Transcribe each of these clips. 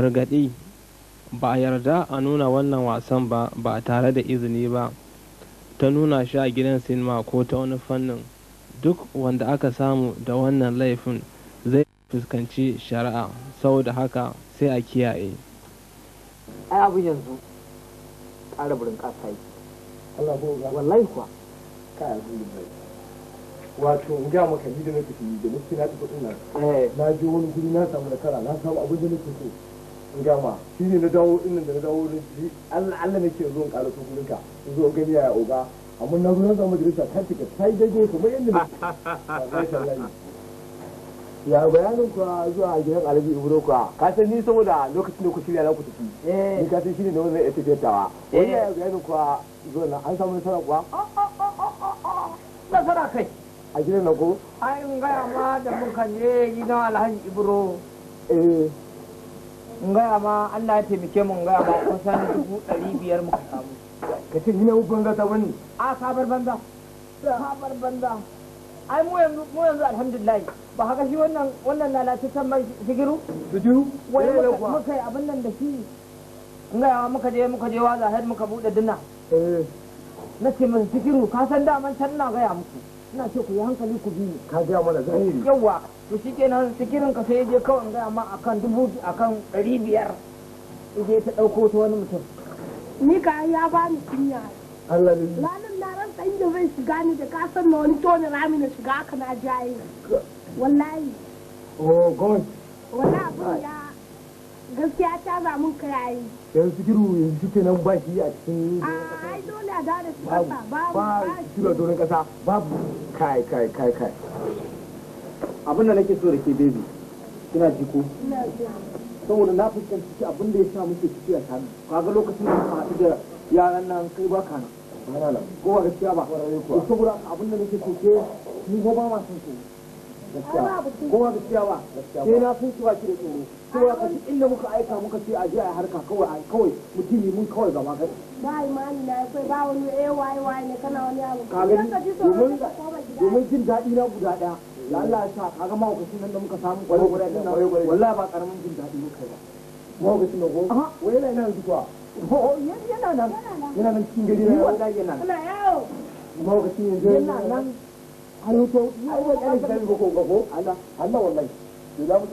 gargaɗi ba a yarda a nuna wannan wasan ba ba tare da izini ba ta nuna shi a gidan sinima ko ta wani fannin duk wanda aka samu da wannan laifin zai fuskanci shari'a saboda haka sai a kiyaye ai abu yanzu ƙara burin ƙasa yi wallahi kuwa wato in ga maka ni da nake da mutu na tafi ina eh. na je wani guri na samu da kara na samu abin da nake so in gama shi ne na dawo inda da na dawo na ji allah na ke zo in ƙara su in zo in gani ya oga amma na zo na samu majalisa ta cika ta yi daidai kamar yadda na ya bayanin kuwa zuwa gidan alabi ibro kuwa ka san ni saboda lokacin da ku shirya na ku tafi eh. ni ka san shine da wannan ya tafi tawa eh. wani ya bayanin kuwa zuwa na an samu nasara kuwa nasara kai a gidan na ko an gaya ma da muka je gidan alhaji ibro eh in gaya ma Allah ya taimake mu in gaya ma kusan dubu ɗari biyar muka samu ka ce hina hukun za ta bani a sabar banza sabar banza ai mu yanzu mu yanzu alhamdulillah ba haka shi wannan wannan lalataccen mai sigiru sigiru wai muka yi abin nan da shi in gaya ma muka je muka je wa zahir muka buɗe dina eh. na ce masa sigiru ka san daman can na gaya muku ina ce ku yi hankali ku bi ka ga mana zahiri yawa to shikenan sikirin ka sai je kawai ga amma akan dubu akan ɗari biyar je ta ɗauko ta wani mutum ni ka ya ba ni kunya Allah ne ranar na ran ɗan da zai shiga ni da san na wani tona rami na shiga aka na jaye wallahi oh god wallahi abin ya gaskiya ta ba mun kirari yanzu sikiru yanzu shuke nan ba shi a cikin ai dole a da su kasa babu ba sikiru a doron kasa babu kai kai kai kai abin da nake so da ke baby kina ji ko saboda na fuskanci ciki abin da ya sa muke ciki a tare kaga lokacin da muka haɗu da yaran nan kai ba kana ko ba gaskiya ba ko saboda abin da nake so ke ni ko ba ma son so ko ba gaskiya ba ke na sun suwa ki da tsoro kowa ka inda muka aika muka ce a a harka kawai kawai mutum mun kawai gaba kai ba imani na ba wani ne kana wani abu ka gani domin domin jin daɗi na guda ɗaya da Allah ya sa nan da muka samu kwarai kwarai din nan wallahi ba karamin jin daɗi muka yi ba ko wai yana nan yana nan yana nan cikin gari na wallahi yana nan yana nan to ko ko Allah Allah wallahi to da mu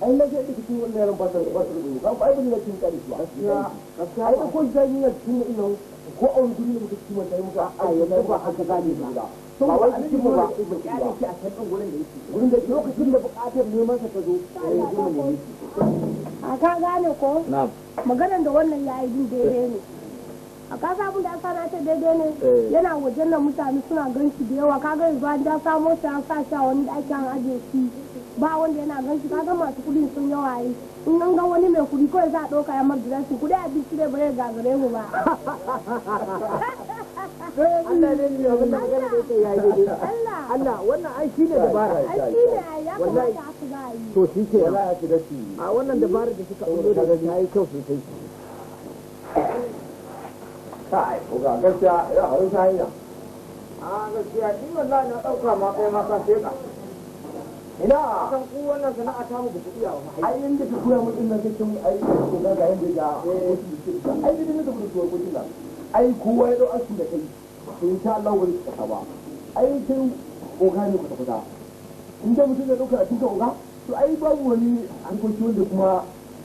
ai na sai duk cikin wannan ba su ba su ba ai bin cikin kare su ai da ko jani na cikin ina ko a wani gurin da muke cikin wannan muka a yana ba haka gane ba ba wai cikin ba ko ba ya ce a kan da yake da lokacin da bukatar neman sa ta zo sai ya gurin da yake a ka gane ko na'am maganar da wannan ya yi daidai ne a kasa abin da aka ta daidai ne eh. yana wajen nan mutane suna gan shi da yawa kaga yanzu an ja samo shi an sa shi a wani da ake an ajiye shi ba wanda yana gan shi kaga masu kudin sun yawa yi in an ga wani mai kudi kawai za a ɗauka ya magana su kudi abinci ne bare gagare mu ba Allah wannan dabara ya kamata a shiga shi ke a shi a wannan dabara da shi kyau sosai gaskiya ya hausa hanya a gaskiya ni wallahi na dauka ma kai ma sai ina san ku wannan sana'a ta mu ku iya wa ai inda ka koya mu dinnan kake mu ai ko ga ga yanda ga ai dinnan da ku ko ku dinnan ai kowa ya dau asu da kai to insha Allah wani ka ba ai kin oga ne ku ta kuda in da mutum da dauka a cikin oga to ai babu wani harkoki wanda kuma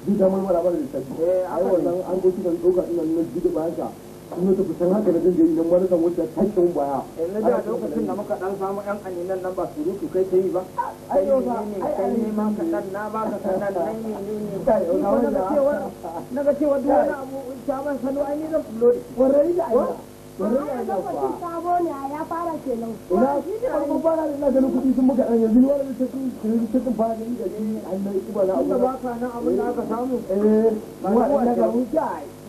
zai damar mara ba da sabbi eh a wannan an goci da dauka dinnan ne duk ba haka sun ta kusan haka na jirgin jirgin wani dan wuce takin baya da lokacin da muka dan samu yan aninan nan ba surutu kai ta yi ba ne ne kai ne ma ka na ba ka nan ne ne ne na ga cewa duk wani abu ta ban sanu ai ne zan fulo da da da sabo ne ya fara kenan ina ne fara da na sun muka dan yanzu wani da take fara da ni da ni an da na abu ba ka nan abin da aka samu eh ma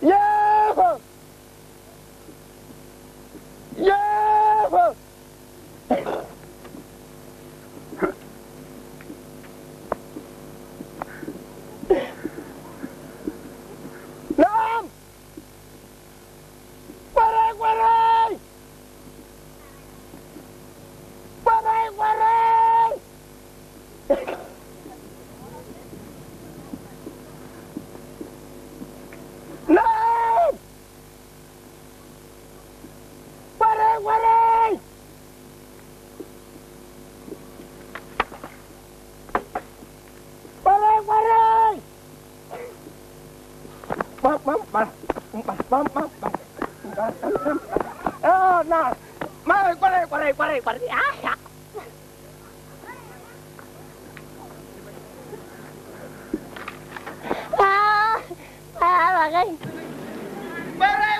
Yeah! Yeah! Nam! Waray, waray! Waray, thằng qua đi qua đi qua đi bấm bấm bấm bấm bấm bấm bấm ờ nè má ơi qua đây qua đây qua đây qua đây á à. à, à, à, à, à, à, à, à,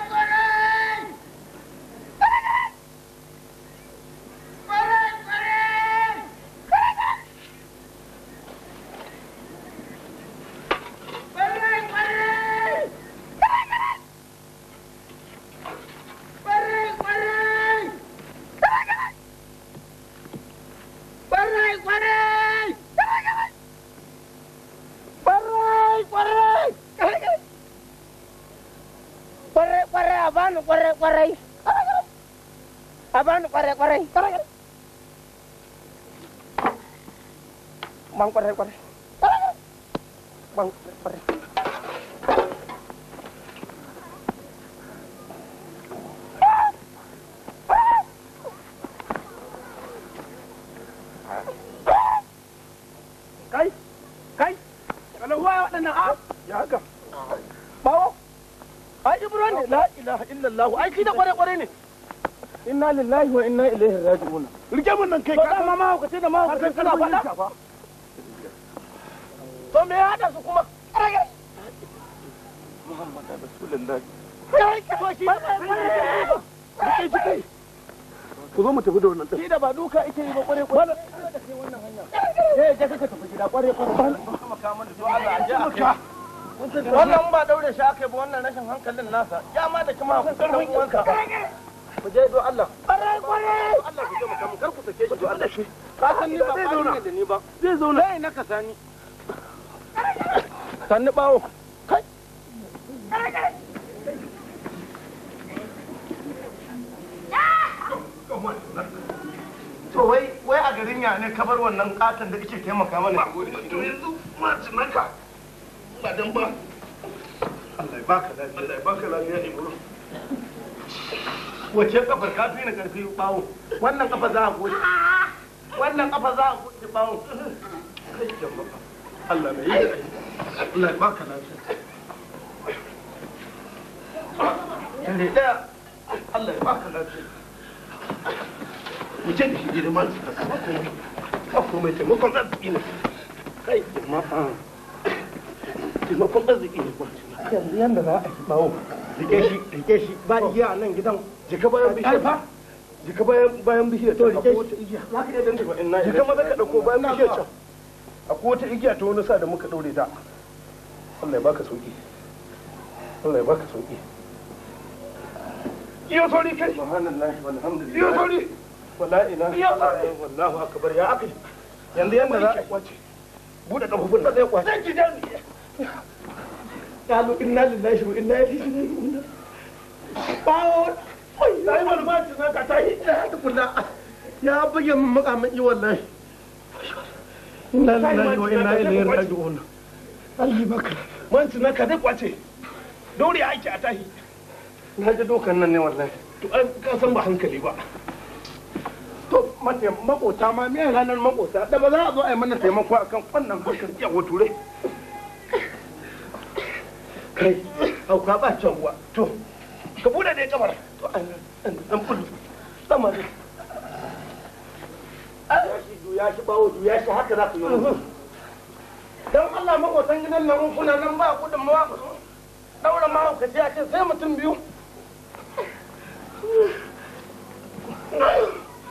Anu parek parek Bang ya. kalau waya waɗannan ya haka. Bawo, ai la ilaha illallah, ai shi inna lillahi wa inna ilaihi raji'un rike mun nan kai ka dama da ma hukace kana faɗa to me ya su kuma rage muhammad rasulullahi ku zo mu tafi da wannan shi da ba duka ike yi ba kware kware wannan hanya eh tafi gida kware kware maka mana to a je a kai wannan ba daure shi aka yi ba wannan rashin hankalin nasa ya ma da kuma kusan uwansa ku je do Allah Allah ku taimaka mu san da sanni bawo kai to wai wai a garin ya ne kabar wannan katon da kake taimaka mana to yanzu ma jinaka ba dan ba Allah ya baka lafiya Allah ya baka lafiya wace kafar ka fi na karfi bawo wannan kafa za a goce wannan kafa za a goce bawo Allah mai yi Allah ba ka lafiya ne daya Allah ba ka lafiya mu ce da shi girman su ka Kafa mai taimakon arziki ne kai taimakon arziki ne yanzu yadda za a yi bawo rike shi rike shi ba igiya oh. a nan gidan jika bayan bishiyar fa jika bayan bayan bishiyar to rike shi za ka iya jika maza ka dauko bayan bishiyar can akwai wata igiya ta wani sa da muka daure ta Allah ya baka sauki Allah ya baka sauki iya sauri kai subhanallahi walhamdulillah iya sauri wala iya sauri wallahu akbar ya akil yanzu yanda za a kwace bude kafofin da zai kwace zan kalu inna lillahi wa inna ilaihi raji'un bawo oi sai wani ma ci zaka ta yi da haka kula ya buge min makamaki wallahi inna lillahi wa inna ilaihi raji'un Allah baka man ci naka dai kwace dole ya aiki a tahi na ji dokan nan ne wallahi to an ka san ba hankali ba to mace makota ma me ranar makota da ba za a zo a yi mana taimako akan wannan harkar yawa turai kai au ka ba can ruwa to ka bude dai kamar to an an bulu sama ne shi shi bawo shi haka za ku yi Allah gidan nan kuna nan ba ku da daura ma ka ce a ce sai mutum biyu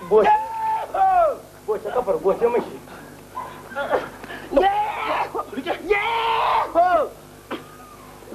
goce goce kafar mashi Yeah!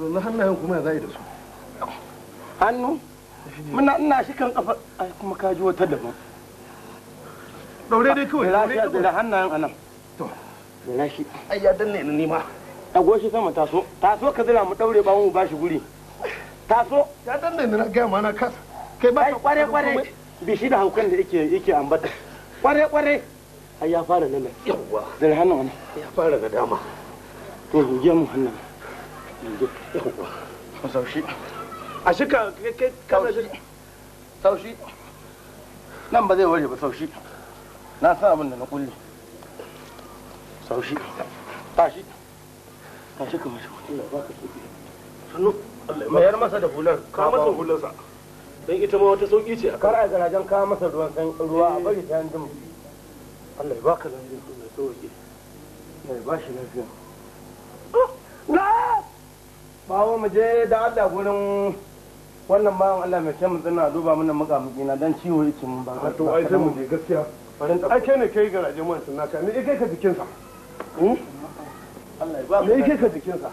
na hannayen kuma za a yi da su hannu muna ina shi kan kafa ai kuma ka ji wata daban daure dai kawai daure dai da hannayen anan to na shi ai ya danne ni nima ta goshi sama taso taso ka zira mu daure ba mu bashi guri taso ya danne ni na ga ma na kasa kai ba ka kware kware bishi da haukan da yake yake ambata kware kware ai ya fara nan yawa da hannun anan ya fara da dama to je mu hannun saushi a nan ba zai ware ba saushi na san abin da na kulle saushi tashi tashi ka mashi sannu mayar masa da hular ka masa hularsa don ita ma wata sauki ce a kar a garajen ka masa ruwan san ruwa a eh. bari ta yanzu Allah ya baka lafiya lafiya ah! na bawo mu je da Allah gurin wannan bawon Allah mai kyan mutuna duba mana mukamuki na dan ciwo yake mun ba ka to ai sai mu je gaskiya ai kai ne kai garaje mun sunna ka ne kai ka jikin sa hmm? Allah ya ba ne kai ka jikin sa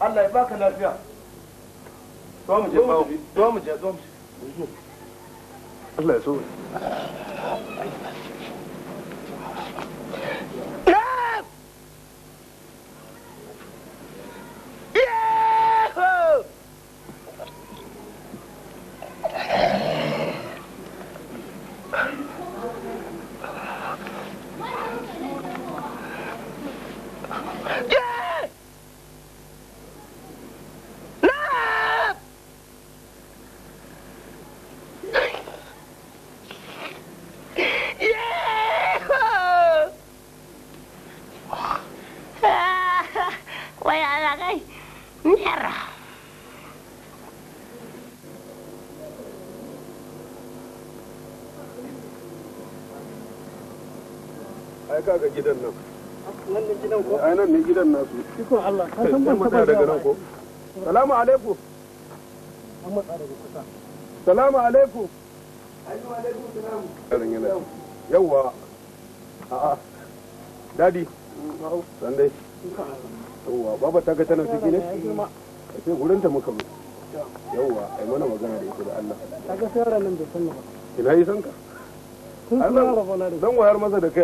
Allah ya baka lafiya to mu je bawo to mu je to mu je Allah ya so ai kaga gidan nan wannan gidan ko ai nan ne gidan nasu Allah ka san ban daga nan ko salamu alaikum kusa salamu alaikum alaikum alaikum salam yana yawa dadi dai yawa baba ta ga tana ciki ne sai muka yawa ai mana magana da ita da Allah sai da sanna ina yi sanka dan wayar masa da kai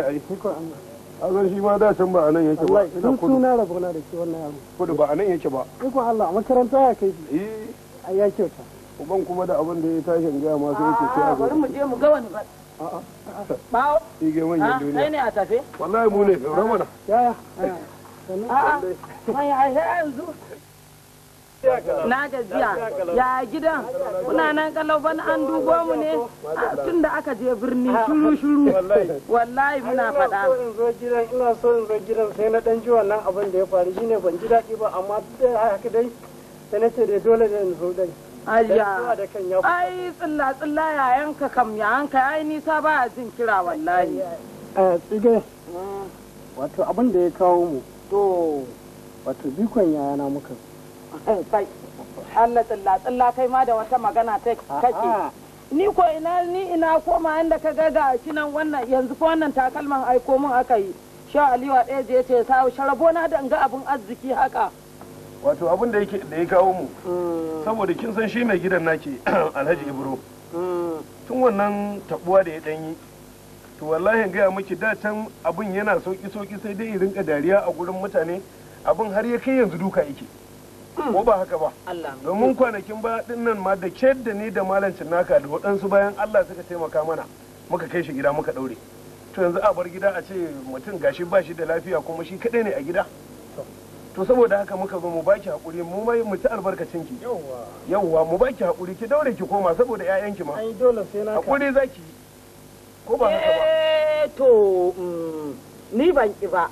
a zan shi ma dacin ba a nan yake ba a kudu suna rabona da ke wannan yaro kudu ba a nan yake ba ikon Allah a makaranta ya kai shi eh. a ya kyauta uban kuma da abin da ya tashi gaya masu yake ce a ah, bari mu je mu ga wani ba bawo shi ga ah, duniya kai ne a tafe wallahi mu ne ah. ramana yaya a'a mai a yanzu na gajiya ya gidan kuna nan kalauban an dubo mu ne tun da aka je birni shuru shuru wallahi muna faɗa ina so in zo gidan sai na dan ji wannan abin da ya faru shine ban ji daɗi ba amma duk da haka dai sai na ce dai dole da in zo dai Ayya, ai tsilla tsilla ka kam ka ai nisa ba a jin kira wallahi. Eh, tsige. Mm. Wato abin da ya kawo mu. To, wato bikon yayana muka. Eh, kai Allah tsilla tsilla kai ma da wata magana ta kake ni ko ina ni ina koma inda ka ga ga shi nan wannan yanzu ko wannan takalman aiko mun aka yi sha aliwa ɗaya je ce ta sharabo na da ga abun arziki haka wato abun da yake da ya kawo mu mm. saboda kin san shi mai gidan nake Alhaji Ibro mm. tun wannan tabuwa da ya dan yi to wallahi gaya miki da can abun yana sauki sauki sai dai ya rinka dariya a gurin mutane abun har ya kai yanzu duka yake ko ba haka ba domin kwanakin ba din nan ma da ke da ni da malancin naka da waɗansu bayan Allah suka taimaka mana muka kai shi gida muka ɗaure to yanzu a bar gida a ce mutum gashi ba shi da lafiya kuma shi kaɗai ne a gida to saboda haka muka zo mu baki hakuri mu mai mu ci albarkacin ki yawwa mu baki hakuri ki daure ki koma saboda ƴaƴan ki ma ai dole sai na hakuri zaki ko ba haka ba eh to mm, ni ban ki ba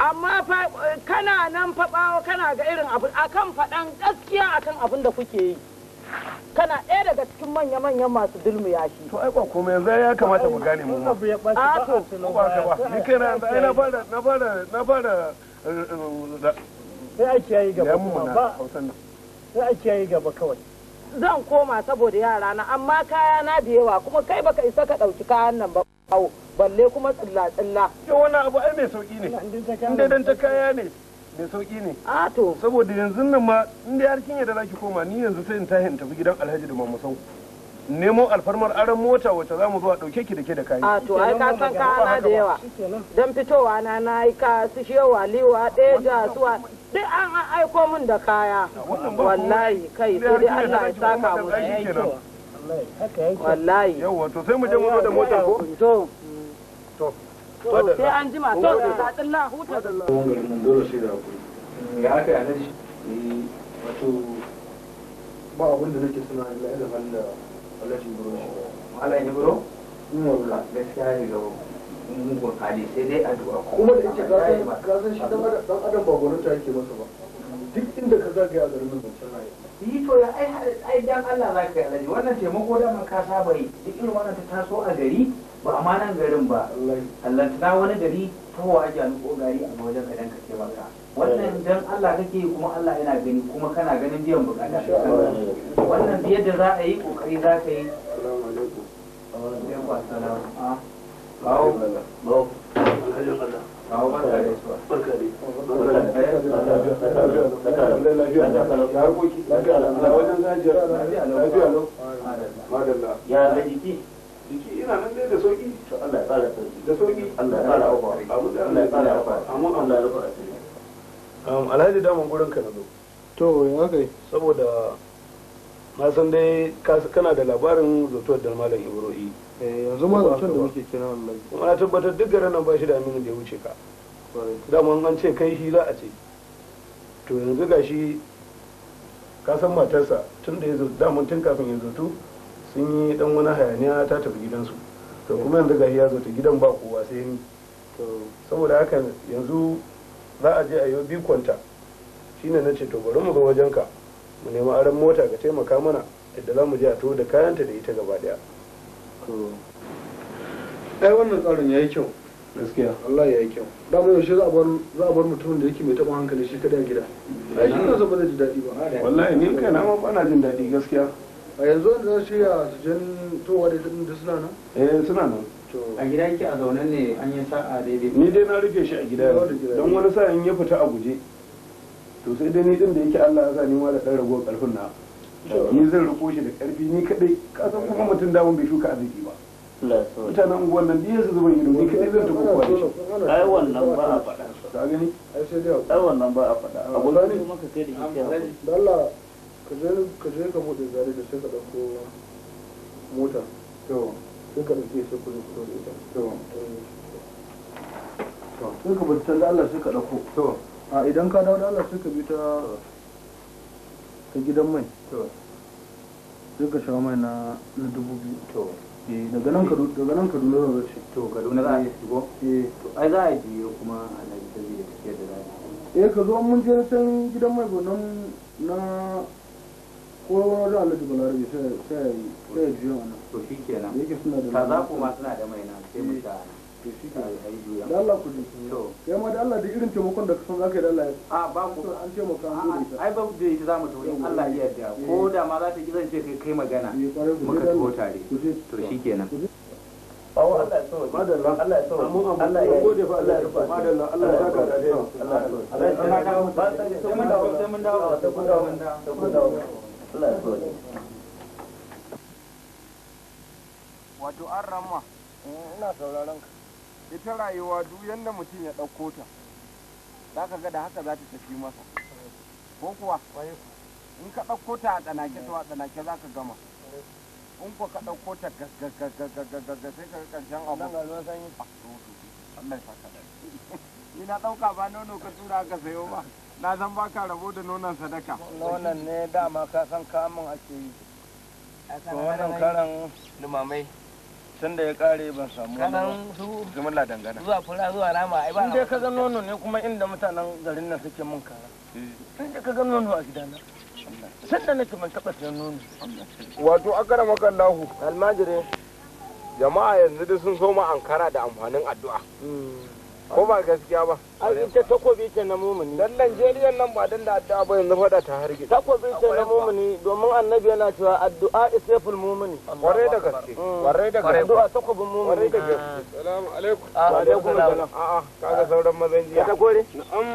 amma fa kana nan fa bawo kana ga irin abu akan faɗan gaskiya akan abin da kuke yi kana ɗaya daga cikin manya-manyan masu ya shi. To ai me yanzu ya kamata mu gane mu. a ba ɓaci ba ka ba. Ni kai na fara na fara na fara eh, eh, sai aiki yi gaba ba. Sai ake yi gaba kawai. Zan koma saboda yara na amma kaya na da yawa kuma kai baka isa ka ɗauki kayan nan ba. au balle kuma tsilla tsilla ke wani abu ai mai sauki ne inda dan ta kaya ne mai sauki ne a to saboda yanzu nan ma inda har kin yadda laki koma ni yanzu sai in ta in tafi gidan Alhaji da Mamu sau nemo alfarmar aran mota wacce za mu zo a ɗauke ki da ke da kayi. A to ai ka san kana da yawa. Don fitowa na na yi ka su yawa liwa ɗaya suwa duk an aiko min da kaya. Wallahi kai sai dai Allah ya saka mu da wallahi yawa to sai mu je mu zo da motar ko to to sai an jima to da tsalla huta da mun dole sai da hakuri yana shi eh, wato ba abin da nake suna da shi ne mun wala gaskiya ne sai dai addu'a kuma da yake shi dan adam ba yake masa ba duk inda ka zagaya a garin nan yi to ya ai dan Allah za ka alaji wannan taimako da ka saba yi duk irin wannan ta taso a gari ba a nan garin ba Allah wani gari ta wa ajiya ni ko gari a wajen ka dan ka wannan dan Allah kake kuma Allah yana gani kuma kana ganin biyan bukata wannan yadda za a yi kokari za ka yi assalamu alaikum wa alaikum assalam ah. ya da da alhaji daman gurin ka na zo to ya kai saboda na san dai kana da labarin zotuwar da malam ibrohi eh, yanzu ma zutuwar da muke kira wannan kuma na tabbatar duk garin nan ba shi da aminin da ya wuce ka dama an ce kai shi za a ce to yanzu gashi ka san matarsa tun da ya zo damun tun kafin ya zutu sun yi dan wani hayaniya ta tafi gidansu to kuma yanzu gashi ya zutu gidan ba kowa sai ni saboda haka yanzu za a je a yi bikonta shine na ce to bari mu ga wajenka mu nemi aron mota ka taimaka mana yadda za mu je a to da kayanta da ita gaba daya ai wannan tsarin yayi kyau gaskiya Allah ya yi kyau dama yaushe za a bar za a bar mutumin da yake mai taɓa hankali shi kadai a gida a shi kansa ba zai ji daɗi ba wallahi ni kai na ma ba na jin daɗi gaskiya a yanzu an za shirya su jan towa da da suna nan eh suna nan a gida yake a zaune ne an yi sa'a daidai ni dai na rufe shi a gida don wani sa'in ya fita a guje to sai dai ni din da yake Allah ya sa ni ma da dan ragowar karfin na ni zan riko shi da karfi ni kadai ka san kuma mutum mun bai shuka arziki ba mutanen unguwan nan biyan su zuban ido ni kadai zan tafi kowa da shi ai wannan ba a faɗa ka gani ai sai dai ai wannan ba a faɗa a gudu ne kuma ka kai da shi da Allah ka je ka je ka bude zare da sai ka dauko mota to sai ka dauke sai ku zo da to to sai ka bude da Allah sai ka dauko to a idan ka dawo da Allah sai ka bi ta ta gidan mai sai ka sha mai na na dubu biyu To e, daga nan kaduna daga nan kaduna zan zace to kaduna za a yi shigo e. to ai za a biyo kuma a nan da ta ke da rana eh ka zo mun je can gidan mai gonan na ko da Allah da balarabe sai sai sai biyo ana to shikenan yake suna da kuma suna da mai na sai mu sha to kai ma da Allah irin taimakon da kasan zaka yi da Allah ya a ba ku an an gode ai ba da ya eh. ko da ma za ta ki zan ce kai kai magana eh, muka tafi tare to shikenan Wato an rama. Eh, ina sauraron ka. ita rayuwa duk yadda mutum ya ɗauko ta za ka ga haka za ta tafi masa ko kuwa in ka ɗauko ta a tsanake to a tsanake za ka gama in ko ka ɗauko ta gaggagagagagaga ba ka na sadaka nonon ne dama karan tun da ya kare ban samu la dangana zuwa fura zuwa rama ai ba inda ka ga nono ne kuma inda mutanen garin nan suke mun kara inda eh. ka ga nono a gidana sanda nake mun taba sayan nono wato akara makan lahu almajire jama'a yanzu duk sun soma ankara da amfanin addu'a hmm. ko ba gaskiya ba an ita takobi ce na mumuni dan Najeriya nan ba dan da addu'a ba yanzu fada ta harge takobi ce na mumuni domin annabi yana cewa addu'a isaful mumuni kware da gaske mm. kware da gaske addu'a takobi mumuni kware da gaske assalamu ah. alaikum ah, wa alaikum assalam a'a kaga sauran mazan jiya ka gore na'am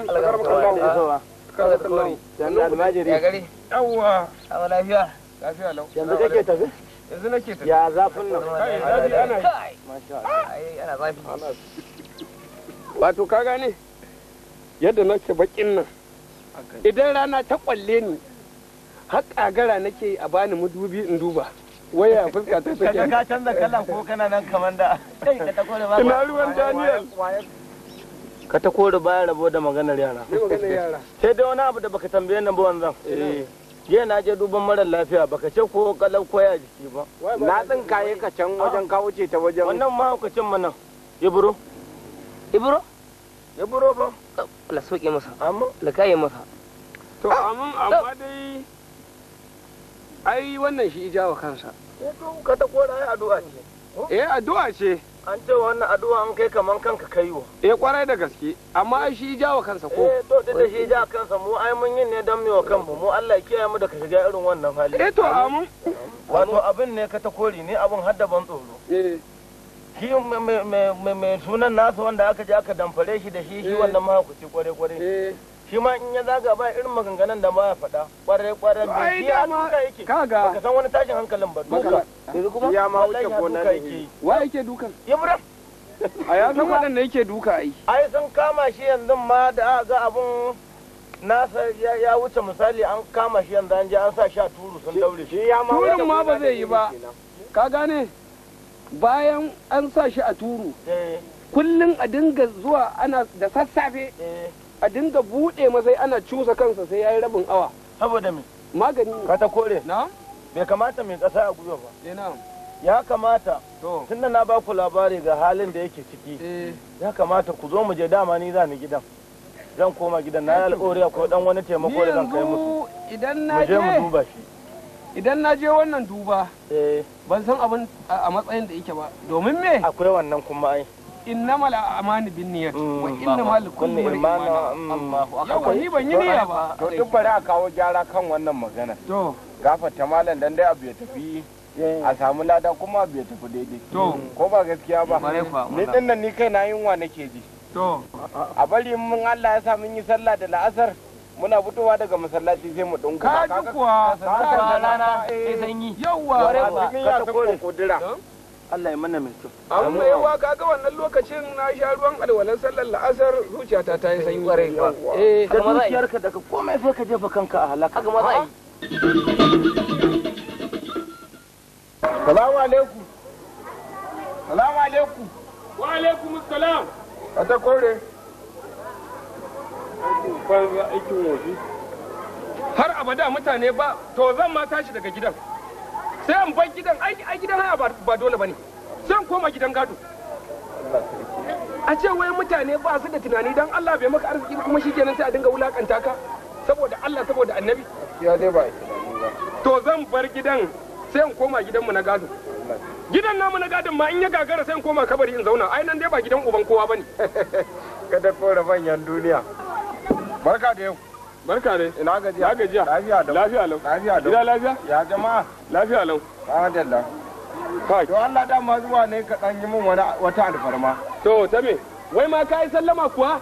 zuwa kaga sallari yanzu almajiri ya gari yawa a lafiya lafiya lau yanzu kake tafi yanzu nake tafi ya zafin nan kai ana yi masha Allah ai ana zafi wato ka gane yadda nake bakin nan idan rana ta kwalle ni har kagara nake a bani dubi in duba waya fuska ta take ka canza kala ko kana nan kamar da kai ka takore ba ina ruwan daniel ka ta kore baya rabo da maganar yara sai dai wani abu da baka tambaye nan ba wannan eh. jiya na je duban mara lafiya baka ce ko kalau ko ya jiki ba na tsinka ka can wajen ka wuce ta wajen wannan mahaukacin mana ibro ibro ibro ba la soke masa amma la kaye masa to amma amma dai ai wannan shi ijawa kansa ko eh, to ka ta kora ai addu'a ce eh addu'a ce an ce wannan addu'a an kai kaman kanka wa. eh kwarai da gaske amma ai shi ijawa kansa ko eh to duk da shi ijawa kansa mu ai mun yin ne dan wa kanmu mu Allah ya kiyaye mu daga shiga irin wannan hali eh to amin wato abin ne ka ta kori ne abin hadda ban tsoro eh shi mai sunan nasa wanda aka je aka damfare shi da shi shi eh. wannan ci kware kware eh. shi ma in ya zaga ba irin maganganun da ba ya faɗa kware kware ne shi ya duka yake kaga ka san wani tashin hankalin ba duka yanzu kuma ya ma wuce gona ne wa yake dukan ibra a ya san wadanda yake duka ai ai sun kama shi yanzu ma da ga abun nasa ya wuce misali an kama shi yanzu an je an sa shi a turu sun daure shi ya ma wuce ma ba zai yi ba ka gane bayan an sa shi a turu eh. kullum a dinga zuwa ana da sassafe eh. a dinga buɗe masai ana cusa kansa sai ya yi rabin awa saboda me magani ka ta kore na bai kamata mai ƙasa a gwiwa ba eh, ya kamata tun da na ba ku labari ga halin da yake ciki ya kamata ku zo mu je dama ni za ni gidan zan koma gidan na alƙawari ko dan wani taimako da zan kai musu idan na je mu duba shi idan na je wannan duba eh. ban san abin a matsayin da yake ba domin me akwai wannan kuma ai mal amani bin niyyat mm, wa mal kulli imana mm. Allahu akbar yawa ni ban yi niyya ah, ba to duk bari a kawo gyara kan wannan magana to gafarta malam dan dai abu ya tafi eh. a samu lada kuma abu ya tafi daidai to ko ba gaskiya ba ni dinnan ni kai na yunwa nake ji to a bari mun Allah ya sa mun yi sallah da la'asar muna fitowa daga masallaci sai mu dungu ka kuwa sannan rana eh, sai sanyi yawa ka ta kore kudura Allah ya mana mai amma yawa kaga wannan lokacin na sha ruwan alwalan sallar la'asar zuciyata ta yi sanyi ba eh da yarka daga komai sai ka jefa kanka a halaka haka ma za yi salamu alaikum salamu alaikum wa alaikum salam ta kore har abada mutane ba to zan ma tashi daga gidan sai an bar gidan ai gidan haya ba dole bane zan koma gidan gado a ce wai mutane ba su da tunani dan Allah bai maka arziki kuma shikenan sai a dinga wulakanta ka saboda Allah saboda annabi ya dai ba to zan bar gidan sai in koma mu na gado gidan namu na gadon ma in ya gagara sai in koma kabari in zauna ai nan dai ba gidan uban kowa bane kada kora manyan duniya barka da yau barka da ina gajiya na gajiya lafiya lau lafiya lau lafiya lau gida lafiya ya jama'a lafiya lau adalla kai to Allah da ma zuwa ne ka dan yi min wani wata alfarma to ta me wai ma kai sallama kuwa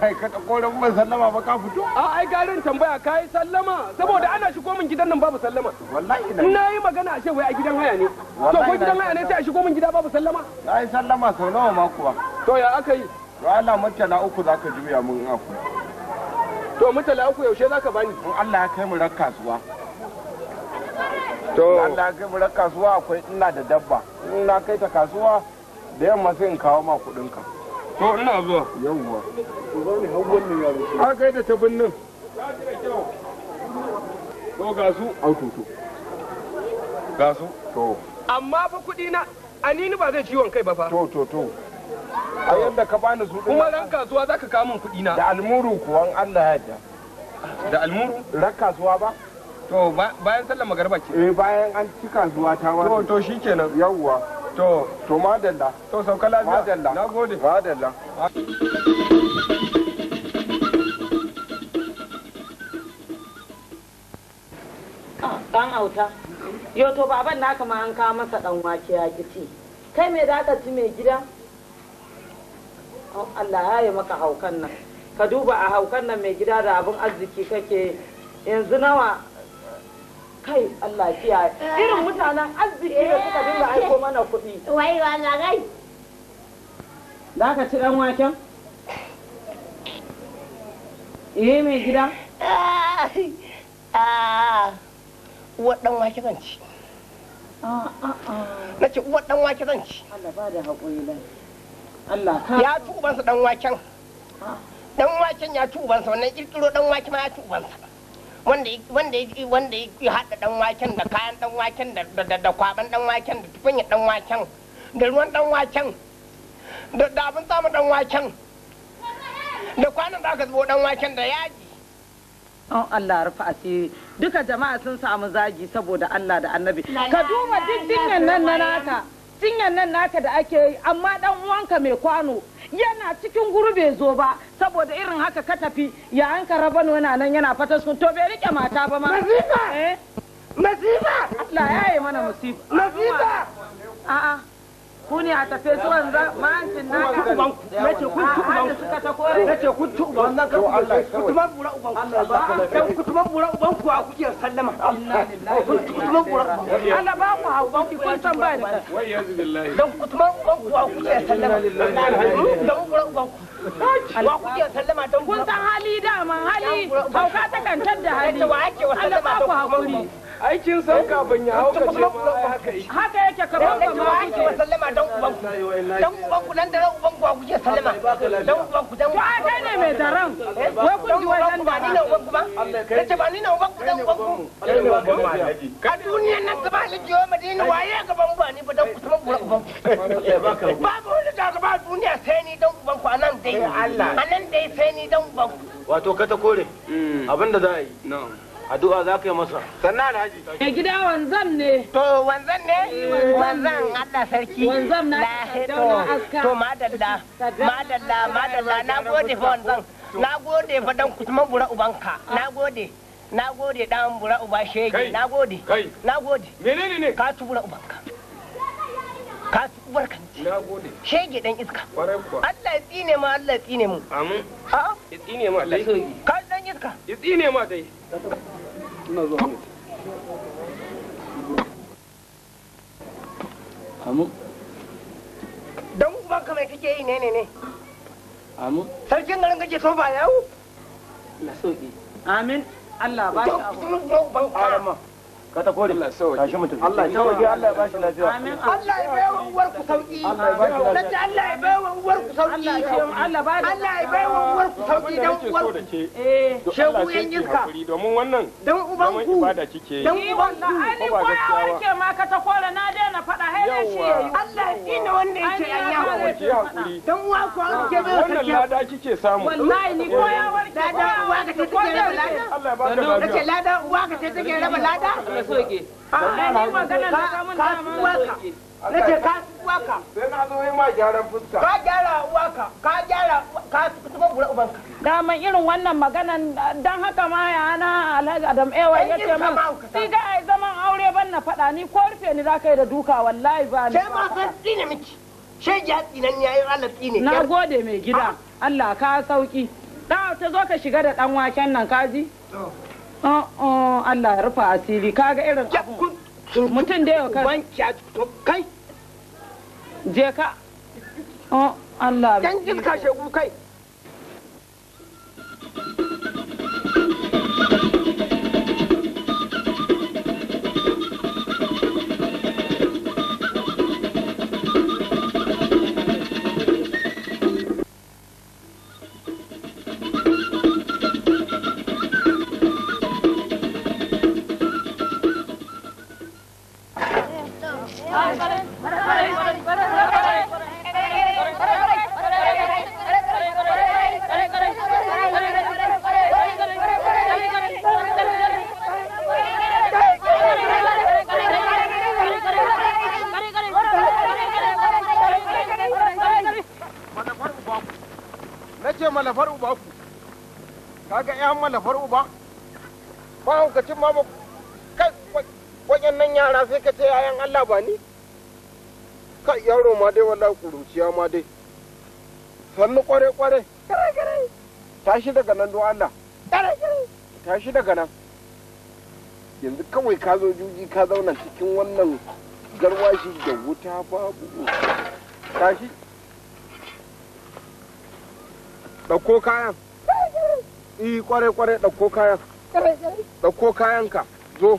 ai ka ta koran ban sallama ba ka fito a ai garin tambaya kai sallama saboda ana shigo min gidan nan babu sallama wallahi na yi magana a ce wai a gidan haya ne to ko gidan haya ne sai a shigo min gida babu sallama ai sallama sau nawa ma kuwa to ya aka yi to Allah mutana uku zaka juya mun aku to mutala uku yaushe za ka bani in Allah ya kai mu ran kasuwa to Allah ya kai mu ran kasuwa akwai ina da dabba in na kai ta kasuwa da yamma sai in kawo ma kuɗin ka to ina zuwa yawwa ku zaune har wannan yaro ka kai da ta binnin to ga su tutu ga su to amma fa kuɗi na anini ba zai ciwon kai ba fa to to to a yadda ka bani su kuma ran kasuwa zaka kawo min kuɗi na da almuru kuwa Allah ya yarda da almuru ran kasuwa ba to bayan sallar magariba ce eh bayan an ci kasuwa ta ma to to shikenan yawwa to to madalla to sauka lafiya madalla nagode madalla dan ah, auta yo to baban naka ma an kawo masa dan wake ya kici kai me zaka ci mai gida Allah ya yi maka haukan nan ka duba a haukan nan mai gida da abin arziki kake yanzu nawa kai Allah kiyaye irin mutanen arziki da suka dinga aiko mana kuɗi wai wala gai za ka ci dan waken eh mai gida uwar dan wake zan ci na ce uwar dan wake zan ci Allah ba da haƙuri lafiya ya ci ubansa dan waken dan waken ya ci ubansa wannan kirkiro dan wake ma ya ci ubansa wanda wanda wanda ya hada dan waken da kayan dan waken da da kwaban dan waken da tukunya dan waken da ruwan dan waken da da abin samu dan waken da kwanan da aka zubo dan waken da yaji an Allah rufa asiri duka jama'a sun samu zagi saboda Allah da annabi ka duba duk dinnan nan na naka sinyan nan naka da ake yi amma dan uwanka mai kwano yana cikin guru bai zo ba saboda irin haka ka tafi ya an ka raba nuna nan yana fata sun to bai rike mata ba ma masifa eh? masifa Allah ya yi mana masifa masifa a'a kuni ne a tafe zuwan ma'ancin na ka na ce kun ci uban suka ta kore na ce kun bura uban ku bura uban ku a kuke sallama kutuban bura Allah ba ku hauban ku kun san ba ni dan uban ku a kuke sallama dan bura uban ku wa kuke sallama dan kun san hali da man hali ta kantar da hali Allah ba ku hakuri aikin san kafin ya hauka ce ma haka yake haka yake ka ba ka ma ake wa sallama dan uban ku dan uban ku nan ran uban ku a kuje sallama dan uban ku dan uban ku ne mai daran eh, wai kun ji wai dan ba ni na uban ku ba kace ba ni na uban ku dan uban ku ka duniyan nan gaba ni jiyo madina waye gaban ba ni ba dan ku san uban ku babu wani da gaba duniya sai ni dan uban ku anan dai Allah anan dai sai ni dan uban ku wato ka ta kore mm. abinda za a yi na'am addu'a za ka yi masa sannan alhaji mai gida wanzan ne to wanzan ne wanzan allah sarki wanzan na to to madalla madalla madalla na gode fa wanzan na gode fa dan kutuman bura ubanka na gode na gode dan bura uba shege na gode na gode menene ne ka tubura ubanka ka ci uwar kanci shege dan iska Allah ya tsine ma Allah ya tsine mu amin a ya tsine ma dai ka dan iska ya tsine ma dai ina zuwa amin dan uban ka mai kake yi ne ne ne amin sarkin garin kake so ba yawo la soki amin Allah ba shi abu ka ta kore tashi mu Allah ya sauke Allah ya ba shi lafiya Allah ya bai wa uwar ku sauki Allah ya ba shi lafiya Allah ya bai wa uwar ku sauki Allah ba Allah ya bai wa uwar ku sauki dan uwar ku eh shegu yan yinka domin wannan dan uban ku ibada kike dan uban ku ali ko ya rike ma ka na kore na daina fada haina shi Allah ina wanda yake an ya hakuri dan uwa ku an ke bai wannan lada kike samu wallahi ni ko ya warke lada uwa ka take raba lada Allah ya ba ka lada uwa ka take raba lada na sai na ma ka gyara ka gyara ka ubanka daman irin wannan maganan don haka ma ya na alhaji adam ewa ya ce min sai da ai zaman aure ban na faɗa ni ko rufe ni za ka yi da duka wallahi ba ni sai ma san tsine miki sai ya tsinan ya yi ranar tsine na gode mai gida ah. Allah ka sauki da ta zo ka shiga da ɗan waken nan kaji Oh, oh, Allah ya rufa asiri kaga irin abu. Mutum da yau kan. kai. Je ka. Oh, Allah. Dan jin kashe kai. Allah ba ni kai yaro ma dai wallahi kuruciya ma dai sannu kware kware tashi daga nan don Allah tashi daga nan yanzu kawai ka zo juji ka zauna cikin wannan garwashi da wuta babu tashi ɗauko kayan i kware kware ɗauko kayan ɗauko kayan ka zo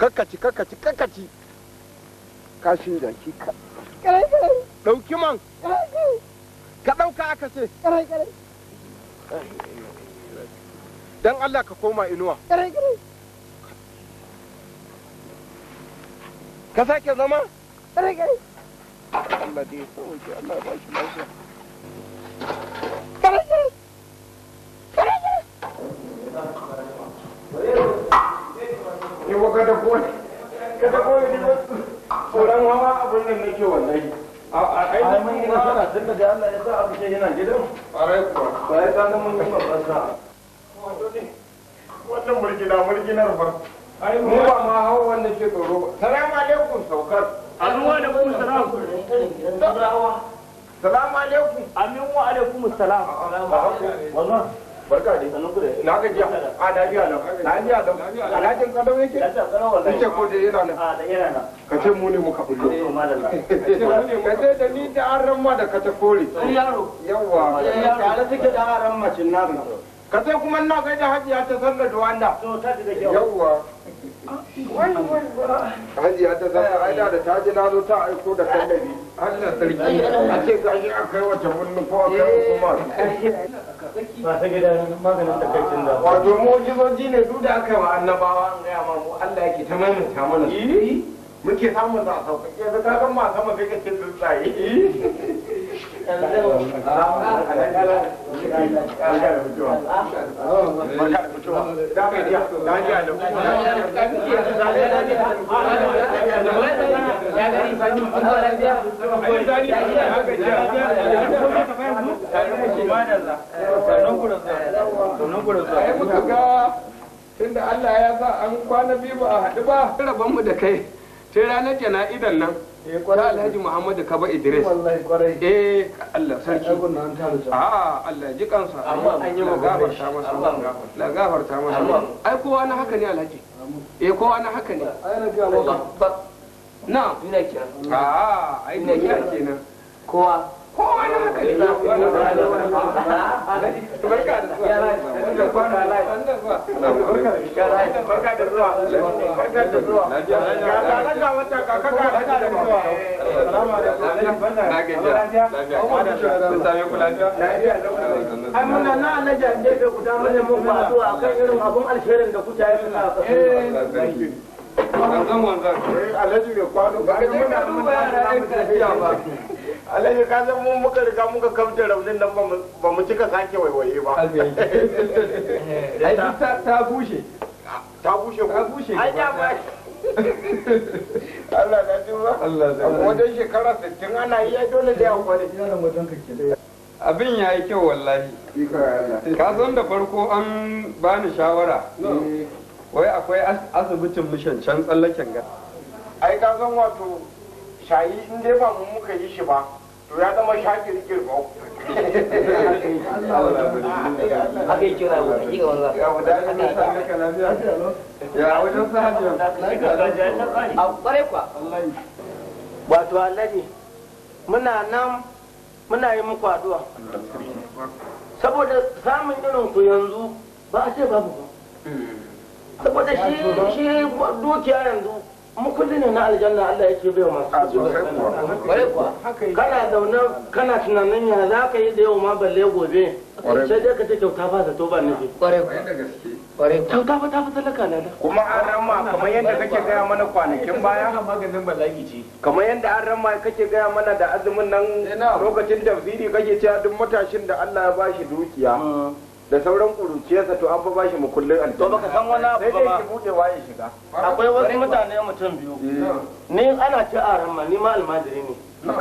kakkaci kakkaci kakkaci kashin jaki ka dauki man ka dauka aka ce dan allah ka koma inuwa ka sake zama Allah dai ya Allah ba shi lafiya ce wallahi a a kai ai mun yi nasara tun da Allah ya sa abu ke yana gidan fara kuwa bai ka ga mun yi ba sa wannan murgina murginar ba ai mu ba ma hawa wannan ke tsoro ba salamu alaikum saukar alwa da kun salamu alaikum salamu alaikum amin wa alaikum salam wallahi barka dai sanin ku da na gajiya a lafiya nan lafiya nan alhajin kadau yake yake ko da yana a da yana nan ka ce mu ne muka bullo ka ce da ni da an ramma da ka ta kore yaro yawa ala suke da an ramma cin nan ka ce kuma na gaida hajiya ta sallar da wanda to ta da yawa ya ta tsaya aida da ta ji na zo ta aiko da kallabi Allah sarki a ce ga shi a kai wata bullu ko a kai kuma ba ta gida maganin takaicin da wato mu'jizoji ne duk da aka yi wa annabawa an gaya ma mu Allah yake ta maimaita mana eh? muke samun sa sauƙaƙe yanzu ta ga ma sama kai ka ce tsuntsaye tunda Allah ya sa an kwana biyu ba a haɗu ba rabonmu da kai sai ranar jana'idan nan ta eh, alhaji muhammadu kaba idris eh allah sarki a ah, allah ji kansa an yi gafarta masa la gafarta masa ai kowa na haka ne alhaji eh kowa na haka ne na a ah, ai ne kenan kowa kowane hankali na su ana ba da wani barka da zuwa wanda kwana lai wanda zuwa barka da zuwa barka da zuwa ga ga wata ga ga ga da zuwa salamu alaikum banda na gaja lafiya sami ku lafiya lafiya ai muna na alaja da ke guda mana mu ba zuwa kan irin abun alherin da kuka yi suna kasu wanzan wanzan alhaji mai ba ba alhaji ka san mun muka riga muka kamta raunin nan ba mu cika sake waiwaye ba eh, ai ta bushe ta bushe ta bushe ai ya ba Allah da ba Allah da wajen shekara 60 ana yi ai dole da yawan kwale yana mutum kake abin ya yi kyau wallahi ka san da farko an bani shawara wai akwai asibitin mishan can tsallaken ga ai ka san wato shayi in dai ba mu muka yi shi ba to ya zama shakir girba aka yi kira wato muna nan muna yi muku addu'a saboda samun irin ku yanzu ba a ce babu ba saboda shi dukiya yanzu mukulli ne na aljanna Allah yake bai wa masu kana zaune kana tunanin ya za ka yi da yau ma balle gobe sai dai ka ta kyauta ba zato ba nufi kyauta ba ta fi talaka na da kuma an rama kamar yadda kake gaya mana kwanakin baya kamar yadda an rama kake gaya mana da azumin nan lokacin tafsiri kake cewa duk matashin da Allah ya bashi dukiya mm. da sauran kuruciyarsa to an fa bashi mukullin aljanna to baka san wani abu ba sai dai ki bude waye shiga akwai wasu mutane mutum biyu eh. ni ana ce a ramma ni ma almajiri ne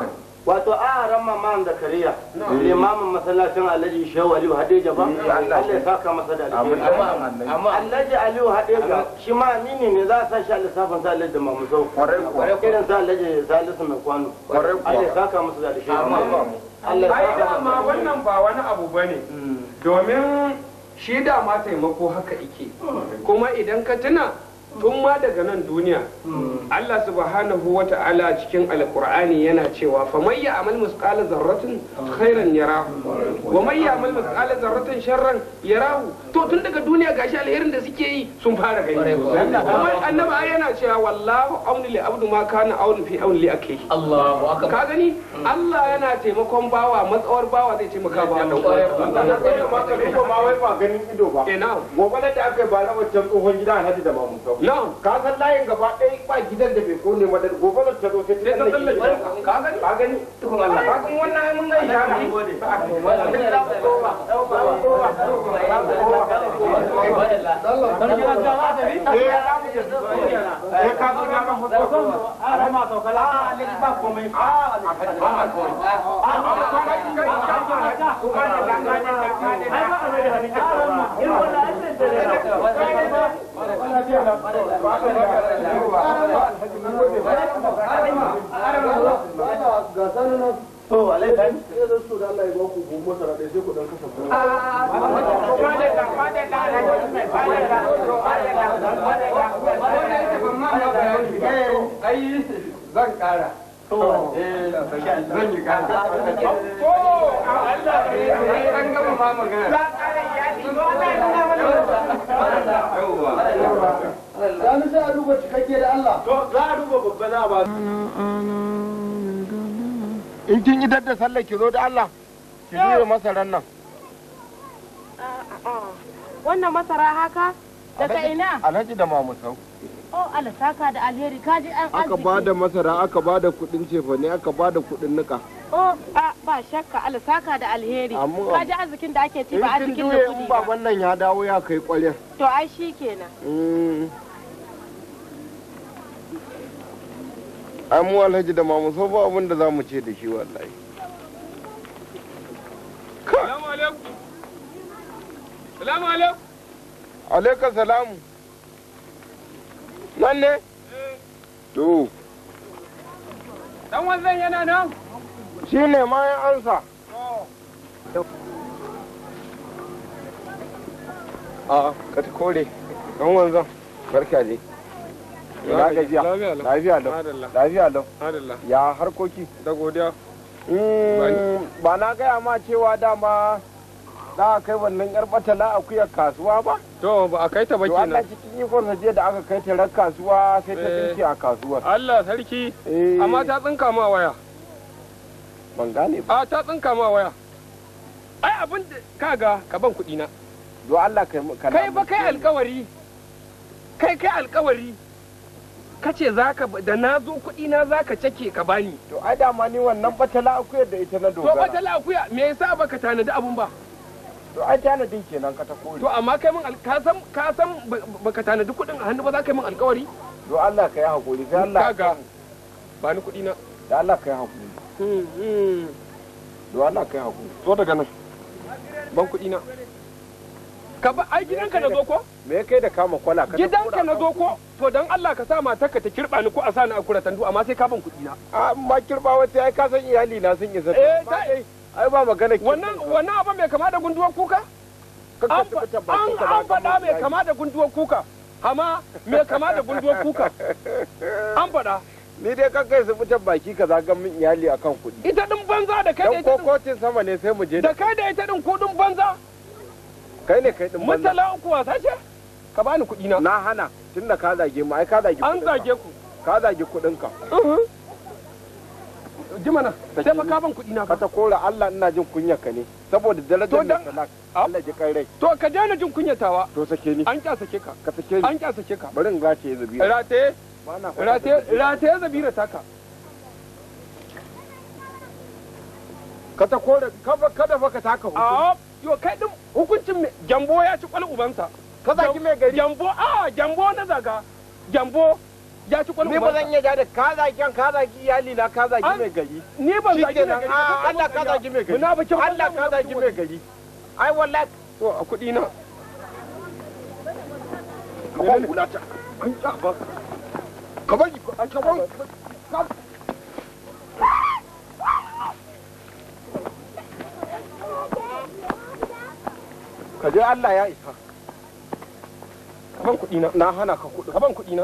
wato a ramma ma da kariya limamin masallacin alhaji shehu aliyu hadeja ba eh, Allah ya saka masa da alheri amma alhaji aliyu hadeja shi ma amini ne za a sa shi a lissafin sa alhaji da mamusau irin sa alhaji salisu mai kwano Allah ya saka masa da alheri Allah ya saka masa da alheri wannan ba wani abu bane mm. domin shi dama taimako haka ike oh. kuma idan ka tuna tun ma daga nan duniya hmm. Allah subhanahu wa ta'ala cikin alkur'ani yana cewa fa may ya'mal misqala zarratin hmm. khairan yarahu hmm. wa may ya'mal misqala zarratin sharran yarahu to tun daga duniya gashi alherin da suke yi sun fara gani amma annabi ai yana cewa wallahu auni li abdu ma kana auni fi auni li akhi Allahu akbar ka gani Allah yana taimakon bawa matsawar bawa zai taimaka bawa dan uwa ma wai ba ganin ido ba gobe da aka yi ba na wancan tsohon gida na da ba mu na'am ka san layin gaba ɗaya ba gidan da bai kone ma da gobe ta zo sai ta tsalle ka gani ka gani tukun Allah ka kun wannan ai mun ga ya mu gode ba Thank you. ga sanin to alai kan kasa ku zan kara zan gama magana a duba Allah. za a duba za a ba. In kin idar da sallar ki zo da Allah, ki masarar nan. Ah, ah, ah. Wannan masara haka daga ina? Alhaji da sau. Oh, Allah saka da alheri ka ji an Aka ba da masara, aka ba da kuɗin cefane, aka oh, ba da kuɗin nika. Oh, ba shakka Allah saka da alheri. Ka ji arzikin da ake ci ba eh, arzikin da eh, kuɗi. In ba wannan ya dawo ya kai ƙwaryar. To ai shi kenan. Mm. ai mu alhaji da mamu so ba abin da za mu ce da shi wallahi salamu alaikum salamu alaikum Alaikum salamu nan to dan wannan yana nan shi ne ma ya ansa a ka ta kore dan wanzan barka dai na gajiya lafiya lau lafiya lau ya harkoki da godiya hmm, ba na gaya ma cewa dama za a kai wannan yar batala a kuya kasuwa ba to ba a kai ta ba kenan to Allah cikin ikon sa je da aka kai ta ran kasuwa sai ta eh. tsinci a kasuwar Allah sarki eh. amma ta tsinka ma waya ban gane ba a ta tsinka ma waya ai abin da kaga ka ban kuɗi na do Allah kai kai ba kai alƙawari kai kai alƙawari. ka ce za ka da na zo kuɗi na za ka cake ka bani to ai dama ni wannan batala akuya da ita na dogara to batala akuya me yasa baka tanadi abun ba to ai tanadin kenan ka ta kore to amma kai min ka san ka san baka tanadi kuɗin a hannu ba za ka yi min alkawari to Allah ka yi hakuri sai Allah ka ba ni kudi na da Allah ka yi hakuri hmm, hmm. to Allah ka yi hakuri to daga nan ban kuɗi na ka ba ai gidanka na zo ko me kai da kama kwala ka gidanka na zo ko to dan Allah ka sa ka ta kirba ni ko a sa ni a kuratandu amma sai ka ban kuɗi na amma kirba wata ai ka san iyali na sun isa eh ai ba magana wannan wannan abin bai kama da gunduwar kuka an faɗa mai kama da gunduwar kuka amma mai kama da gunduwar kuka an faɗa ni dai kan kai su fitar baki ka zaga min iyali akan kuɗi ita din banza da kai da ita kokocin sama ne sai mu je da kai da ita din kuɗin banza kai ne kai din banza mutala uku wasa ce ka bani kuɗi na na hana tunda ka zage mu ai ka zage an zage ku ka zage kuɗin ka uh-huh. jimana sai fa ka ban kuɗi na ka kora Allah ina jin kunya ka ne saboda darajar mai talak ah. Allah ji kai rai to ka daina jin kunyatawa to sake ni an kya sake ka ka sake ni an kya sake ka bari in gace zabira rate rate rate zabira taka ka ta kora kada fa ka taka hukunci ah, yo kai din hukuncin jambo ya ci kwal ubansa ka zagi mai gari jambo a ah, jambo na zaga jambo ja ci kwalin ba zan iya ja da ka zaki ka zaki iyali na ka zaki mai gari ni ban zaki mai gari ah, Allah ka zaki mai gari Allah ka zaki mai gari ai wallahi to a kuɗi na ka ban kula an ja ba ka ban ka ban ka je Allah ya isa ka ban kuɗi na na hana ka kuɗi ka ban kuɗi na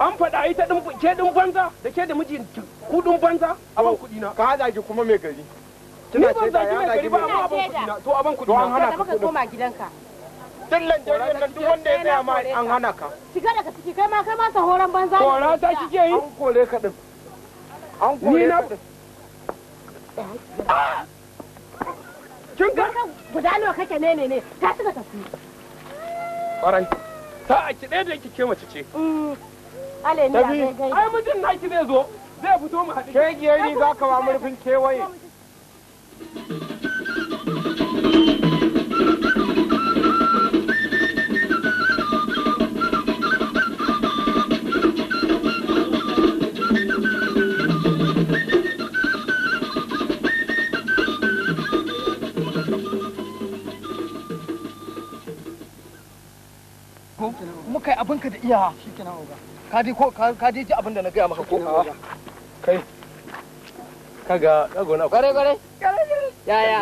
an faɗa ita ɗin ke ɗin banza da ke da mijin ku ɗin banza a ban kuɗi na ka haɗa ki kuma mai gari kina ce da ya ki mai gari ba kuɗi na to a ban kuɗi na an hana ka kuɗi koma gidanka dillan jirgin nan duk wanda ya tsaya ma an hana ka shiga daga ciki kai ma kai ma sa horan banza kora ta kike yi an kore ka ɗin an kore ka ɗin kin ga guda nawa kake ne ne ne ta shiga tafi ƙwarai ta a kiɗe da kike mace ce mm. Ale ni a gai. Ai mijin naki zai zo. Zai fito mu haɗu. Shegiyar riga ka ba murfin kewaye. muka yi abinka da iyawa shi oga ka ko ka ji abin da na gaya maka ko kai kaga dago na gare gare ya ya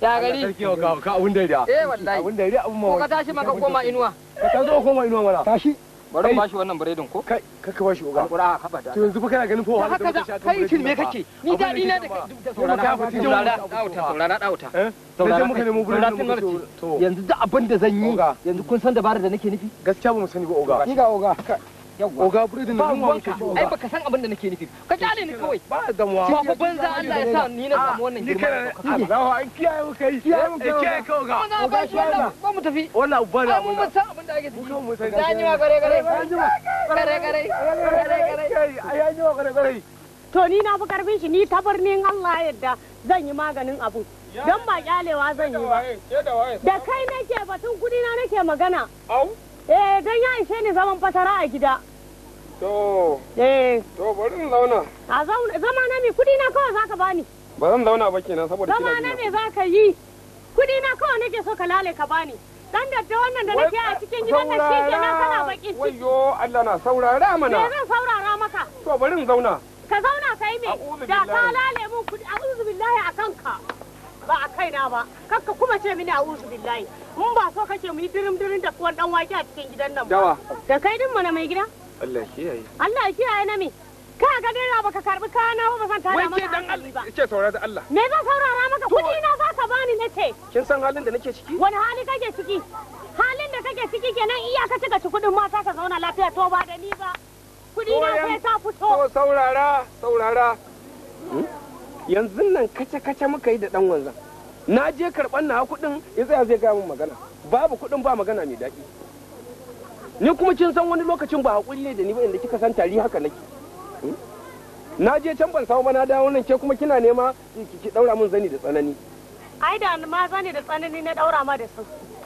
ya gari ka ka abun da da eh wallahi abun da da abun ma ka tashi maka koma inuwa ka tazo koma inuwa mana tashi bari ba shi wannan biredin ko kai ka ka bashi uga kura ka bada to yanzu fa kana ganin fa wallahi da kace kai kin me kake ni dadi na da saurara da dauta saurara dauta eh? saurara muka nemo biredin mu to yanzu duk abin da zan yi yanzu kun san dabarar da nake nufi gaskiya ba mu sani ba uga ni ga uga yawwa oga buredin nan ba wanka ai baka san abin da nake nufi ka kyale ni kawai ba damuwa ba ku banza Allah ya sa ni na samu wannan girma ni kana an kiyaye mu kai kiyaye mu kai kiyaye ka oga oga shi wannan ba mu tafi wannan ba da mu mun san abin da ake ciki mu san da ni ma gare gare gare gare gare gare ai an yi gare gare to ni na fi karfin shi ni tabarnin Allah yadda zan yi maganin abu don ba kyalewa zan yi ba da kai nake batun kudi na nake magana au eh don ya ishe ni zaman fatara a gida to eh to bari in zauna a zauna zama na me kudi na kawai zaka bani ba zan zauna ba kenan saboda zama na me zaka yi kudi na kawai nake so ka lale ka bani dan ta wannan da nake a eh, cikin gidan nan shi kenan kana baki ciki Allah na saurara mana me zan saurara maka to bari in zauna ka zauna kai me da ka lale mun kudi a'udhu billahi akan ka ba a kaina ba kakka kuma ce mini a'udhu billahi mun ba so kake mu yi dirim dirim da kuwan dan wake a cikin gidan nan ba da kai din mana mai gida Allah kiyaye Allah kiyaye na mi ka ga na baka karbi ka na ba san tada maka dan Allah ce saurara da Allah me zan saurara maka kudi na za ka bani nace kin san halin da nake ciki wani hali kake ciki halin da kake ciki kenan iya ka ci kudin mata ka zauna lafiya to ba da ni ba kudi na sai ta fito saurara saurara hmm? yanzu nan kace kace muka yi da dan wanzan na je karban na kuɗin ya tsaya zai gaya min magana babu kuɗin ba magana mai daɗi ni kuma kin san wani lokacin ba hakuri ne da ni ba inda kika san tari haka nake hmm? na je can ban samu ba na dawo nan ke kuma kina nema ki daura min zani da tsanani ai da ma zani da tsanani na daura ma da su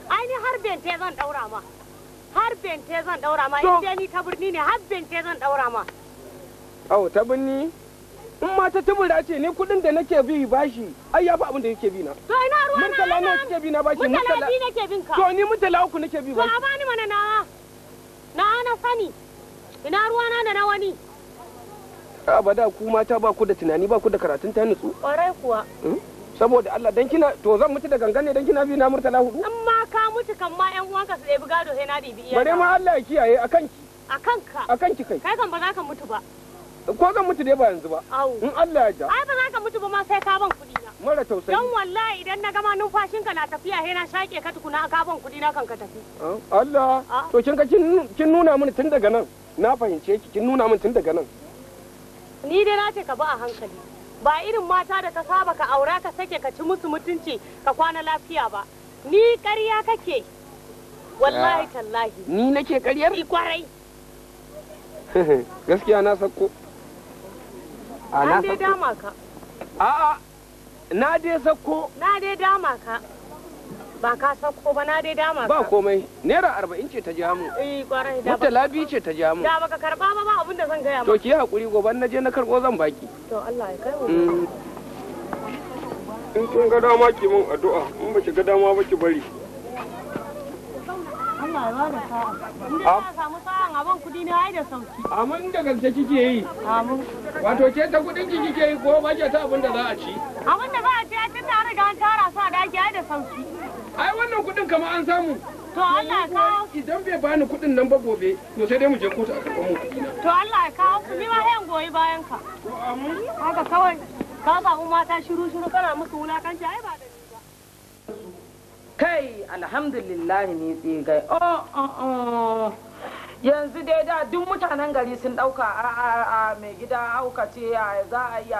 ai ni har bente zan daura ma har bente zan daura ma in ni ta birni ne har bente zan daura ma au ta birni in ma ta tumura ce ne kuɗin da nake bi bashi ai ya fi abin da yake bi na. To ina ruwa na mutala ne kike bi na bashi? mutala ne nake bin ka. To ni mutala uku nake bi bashi. To a bani mana nawa. Na ana sani. Ina ruwa na da na wani. Abada ku mata ba ku da tunani ba ku da karatun ta nutsu. kwarai kuwa. Hmm? Saboda Allah dan kina to zan mutu da gangane ne dan kina bi na murtala hudu. In ma ka mutu kan ma yan uwanka su ɗebi gado sai na ɗebi iya. Bare ma Allah ya kiyaye akan ki. Akan ka. Akan ki kai. Kai kan ba za ka mutu ba. ko zan mutu dai ba yanzu ba in Allah ya ja ai ba za ka mutu ba ma sai ka ban kuɗi na mara tausayi dan wallahi idan na gama numfashin ka na tafiya sai na shake ka tukuna ka ban kuɗi na kan ka tafi Allah to kin ka kin nuna mini tun daga nan na fahimce ki kin nuna mini tun daga nan ni dai na ce ka ba a hankali ba irin mata da ka saba ka aura ka sake ka ci musu mutunci ka kwana lafiya ba ni ƙarya kake wallahi tallahi ni nake ƙaryar kwarai gaskiya na sako An dai dama ka. A'a, na dai sakko. Na dai dama ka. Ba ka sakko ba na dai dama ka. Ba komai, naira arba'in ce ta jamu. Eh, kwarai da. Mutala biyu ce ta jamu. Da baka karba ba ba abin da zan gaya ma. To ki hakuri gobe na je na karbo zan baki. To Allah ya kai mu. Mm. In kun ga dama ki mun addu'a, in ba ki ga dama ba ki bari. Allah ya bada sa'a. Inda za samu sa'an abin kudi na ai da sauki. Amin da gaske kike yi. Amin. Wato ke ta kudin ki kike yi ko ba ke ta abin da za a ci? Abin da za a ci a tun da an riga an tara su a daki ai da sauki. Ai wannan kuɗin kama an samu. To Allah ya kawo. Idan bai bani kuɗin nan ba gobe, to sai dai mu je kotu a karɓar mu To Allah ya kawo ku ni ma hayan goyi bayan ka. To amin. Haka kawai ka zaɓi mata shiru shiru kana musu wulakanci ai ba da kai alhamdulillah ni tsigai oh, oh, oh yanzu dai da duk mutanen gari sun dauka a mai gida auka ce ya za a yi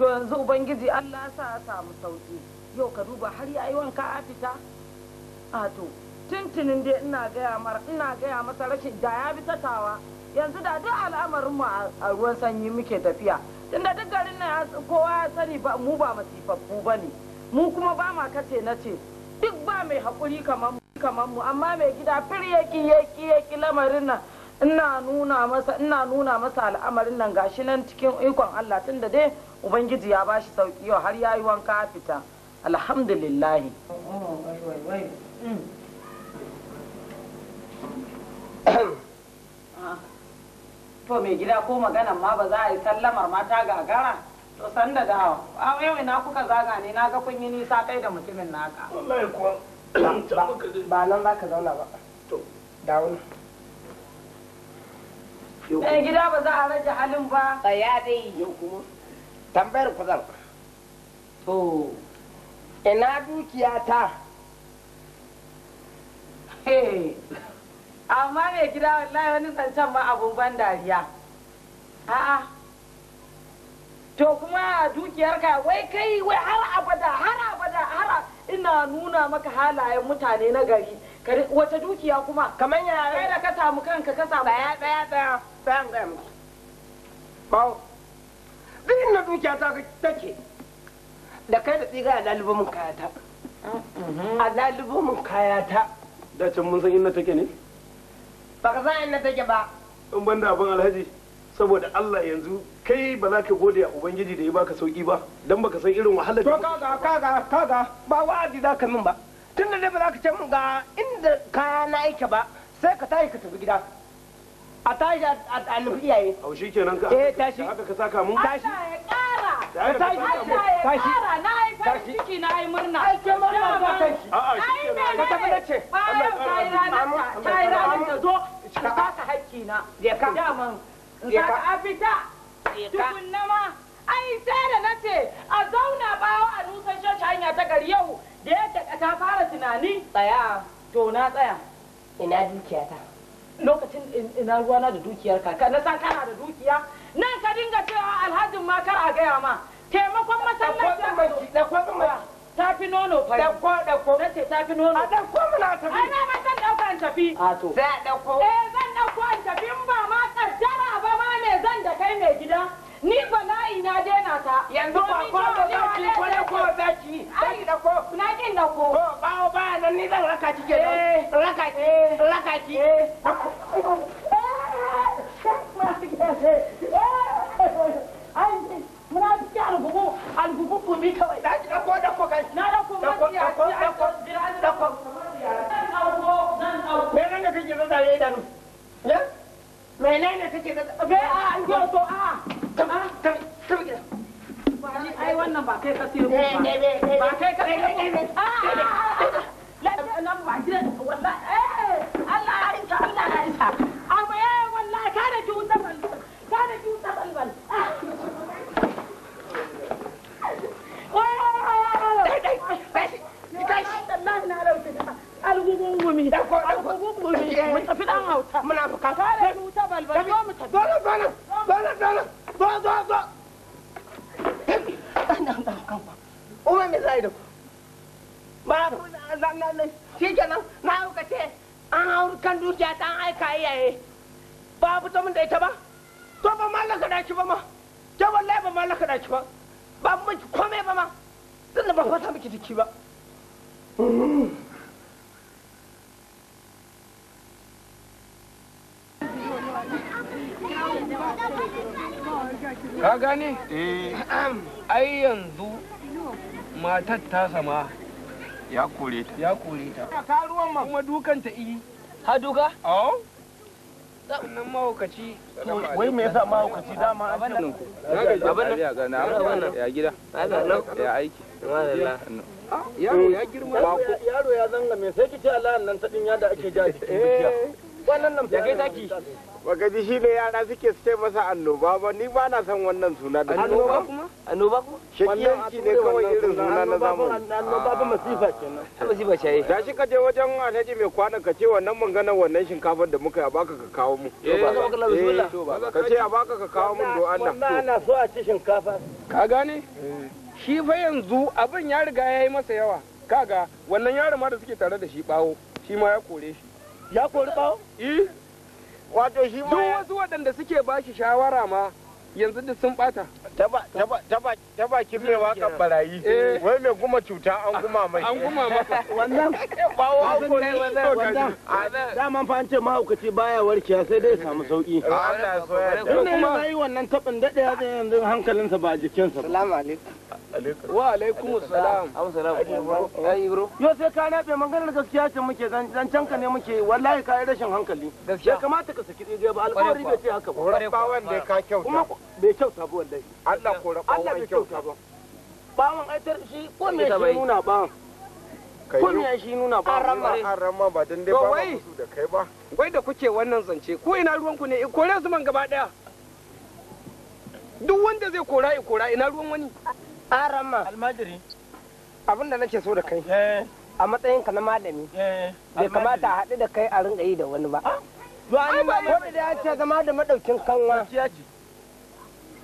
to yanzu ubangiji Allah sa samu sauki yau ka duba har ya yi wanka a fita a to tuntunin dai ina gaya mar ina gaya masa rashin da ya bi tatawa yanzu da duk al'amarin mu a ruwan sanyi muke tafiya tunda duk garin nan kowa ya sani mu ba masifaffu bane mu kuma ba ma kace nace. duk ba mai hakuri kamar mu amma mai gida fir yaki yaki yaki lamarin nan ina nuna masa ina nuna masa al'amarin nan gashi nan cikin ikon Allah tunda dai ubangiji ya bashi sauki yau har yayi wanka fita alhamdulillah to mai gida ko maganan ma ba za a yi sallamar mata gagara to san da dawa a yau ina kuka zaga ne naga kun yi nisa kai da mutumin naka wallahi ko ba nan za ka zauna ba to dawo Eh gida ba za a rage halin ba. Tsaya dai. Yau kuma. Tambayar ku To. Ina dukiya ta. Amma mai gida wallahi wani zancen ma abun ban dariya. A'a. to kuma dukiyarka wai kai wai har abada har abada har ina nuna maka halayen mutane na gari wata dukiya kuma kamar ya kai da ka samu kanka ka samu daya daya daya daya daya bawo duk inda dukiya ta take da kai da tsiga a mun kaya kayata mm-hmm. a lalubo mun kayata da can mun san inda take ne ba ka san inda take ba in ban da abin alhaji saboda Allah yanzu kai ba za ka gode a ubangiji da ya baka sauki ba dan baka san irin wahalar to kaga kaga kaga ba wa'adi za ka min ba tun da ba za ka ce min ga inda kaya na aike ba sai ka tashi ka tafi gida a tashi a nufi iyaye au shi kenan ka eh tashi haka ka saka mun tashi ya kara tashi tashi! na yi farin ciki na yi murna ai ke murna ba tashi a'a shi kenan ka tafi nace Allah ya kara ta yi ranar ta zo ka saka hakki na je ka daman Saka a fita. Tukunna ma. Ai sai da nace a zauna bawa a nusan shashi hanya ta gari yau da yadda ta fara tunani. Tsaya. To na tsaya. Ina dukiyata. Lokacin ina ruwana da dukiyar kaka na san kana da dukiya. Nan ka dinga cewa alhajin ma kar a gaya ma. Taimakon masallaci. Da kwatsin maki. ta fi nono fari. Dakko dakko. Nace ta fi nono. A dakko muna tafi. Ana ma san daukan tafi. A to. Za a dakko. kai mai gida ni bala'i na daina ta yanzu ba ko da ne ko ne ko zaki ai da ko na kin da ko ko o ba nan ni zan raka ki ke eh, raka ki eh, raka eh. ci da ko da ko kai da ko da ko da ko da ko menene kake da ga a an ko to a kam a kam ai wannan ba kai ka siyo ba kai ne siyo ba la nan ba gidan wallahi Allah ya isa Allah ya isa agogon gumi gumi mu tafi dan hauta muna bukata mu ta balbal zo mu tafi zo zo zo kan ba umma ku na na na shi kenan na ce an kan dukiya ta an aika iyaye ba fito min da ita ba to ba mallaka da ki ba ma ke wallahi ba mallaka da ki ba ba jiki ba Mm-hmm. ka gane? Eh. ai yanzu matar ta sama ya kore ta ya kore ta ka ruwan ma kuma dukan ta iyi ha duka? oh Sannan mahaukaci wai me yasa mahaukaci dama an ce abin nan ya gida ya aiki yaro ya girma yaro ya zanga me sai kice Allah nan ta din da ake jaji ya zaki baka shi ne yara suke su ce masa annoba ba ni ba na san wannan suna da annoba kuma annoba kuma shakiyanci ne kawai irin suna na zamu annoba ba masifa kenan ah, masifa ce da shi ka je wajen alhaji mai kwana ka ce wannan mangana wannan shinkafar da muka yi a baka ka kawo mu eh, eh, ka ce a baka ka kawo mun do Allah wannan ana so a ci shinkafa ka gane shi fa yanzu abin ya riga ya yi masa yawa kaga wannan yaro ma da suke tare da shi bawo shi ma ya kore shi ya kori bawo eh wato shi ma duk wasu waɗanda suke ba shi shawara ma yanzu da sun bata ta bakin mai wakan barayi eh. wai mai guma cuta an guma mai an guma masa wannan bawo hauko ne wannan dama fa an ce mahaukaci baya warkiya sai dai samu sauki Allah so ya da kuma yayi wannan tabin dade ya zai yanzu hankalinsa ba jikinsa ba assalamu alaikum wa alaikum assalam amu salam ai bro yo sai ka nabe maganar gaskiya ce muke zan canka ne muke wallahi ka yi rashin hankali gaskiya kamata ka saki tsiga ba alƙawari bai ce haka ba ba wanda ka kyauta bai kyauta ba wallahi Allah ko rabawa Allah bai kyauta ba bawan aitar shi ko me shi nuna bawan ko me shi nuna bawan arama arama ba dan dai ba su da kai ba wai da kuke wannan zance ko ina ruwan ku ne in kore su man gaba daya duk wanda zai kora i kora ina ruwan wani arama almajiri abin da nake so da kai eh. a matsayin ka na malami eh. bai kamata a haɗu da kai a rinka yi da wani ba. Ah. Ai ba ko da ya ce zama da madaukin kanwa.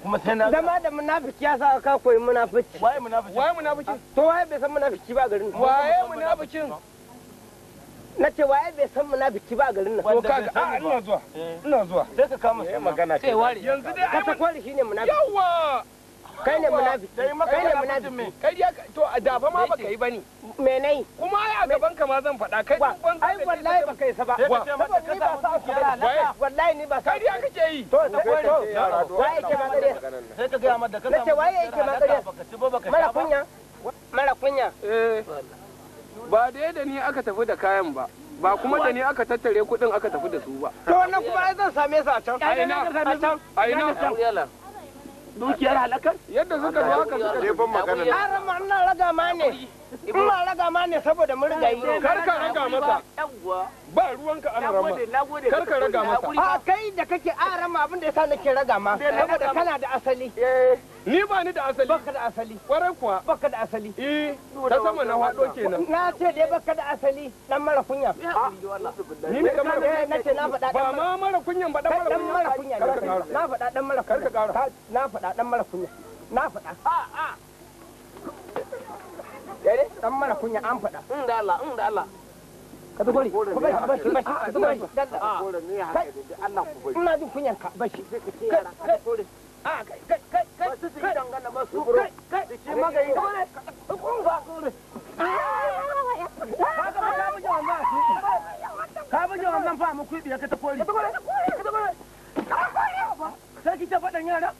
kuma sai na zama da munafiki ya sa ka koyi munafiki waye munafiki waye munafiki to waye bai san munafiki ba garin waye munafikin na ce waye bai san munafiki ba garin nan to kaga a ina zuwa eh. ina zuwa sai ka kama sai magana ce yanzu dai ka ta kwari shine munafiki yawa kai ne munafiki kai ne munafiki kai ya to a dafa ma baka yi bane me nai kuma ai a gaban ka ma zan faɗa kai ban ai wallahi baka yi saba saboda ni ba sa ku da wallahi ni ba sa kai ya kake yi to sai to waye yake ma kariya sai ka ga ma da kanka nace waye yake ma kariya mara kunya mara kunya ba dai da ni aka tafi da kayan ba ba kuma da ni aka tattare kuɗin aka tafi da su ba to wannan kuma ai zan same su a can a ina a ina dukiyar halakar yadda suka zo haka suka je ban magana ne raga ma ne Ina raga ma ne saboda mun riga yi. Kar ka raga masa. Ba ruwanka ana rama. Kar ka raga masa. A kai da kake a rama abin da yasa nake raga ma. Saboda kana da asali. Eh. Ni ba ni da asali. Baka da asali. Kwarai kuwa. Baka da asali. Eh, ta sama na hado kenan. Na ce dai baka da asali dan mara kunya. Ah, ni ne kamar eh nace na faɗa dan Ba ma mara kunyan ba dan mara kunya. Na faɗa dan ah, mara kunya. Na faɗa dan mara kunya. Na faɗa. A ah. a. dare dan mana kunya an faɗa in da Allah in da Allah ka zo gori ku bari bashi bashi ka zo gori kai Allah ku bari ina jin kunyan ka bashi kai kai kai, kai kai kai kai kai, kai, kai, kai, kai kai kai, kai, kai, kai, kai, kai, kai, kai, kai, kai, ka bi ji wannan fa mu kuɗi ka ta kori ka ta kori ka ta kori ka ta kori sai ki ta faɗan yara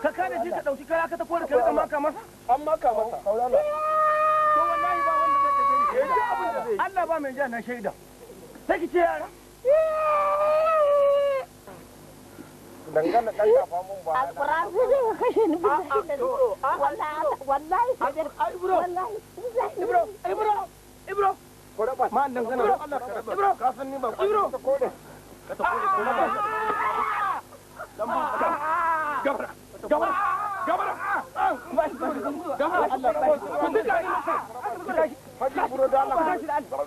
ka kada shi ka dauki kaya ka ta kore ka maka masa an maka masa to wallahi ba wanda zai kaje shi abin da zai Allah ba mai jana shaida sai ki ce yara dangana dan kafa mun ba alquran zai zai kashe ni wallahi wallahi sai ibro ibro ibro ibro ma dangana Allah ibro ka san ni ba ibro ka ta kore ka ta kore ka ta kore gabara gabara buro da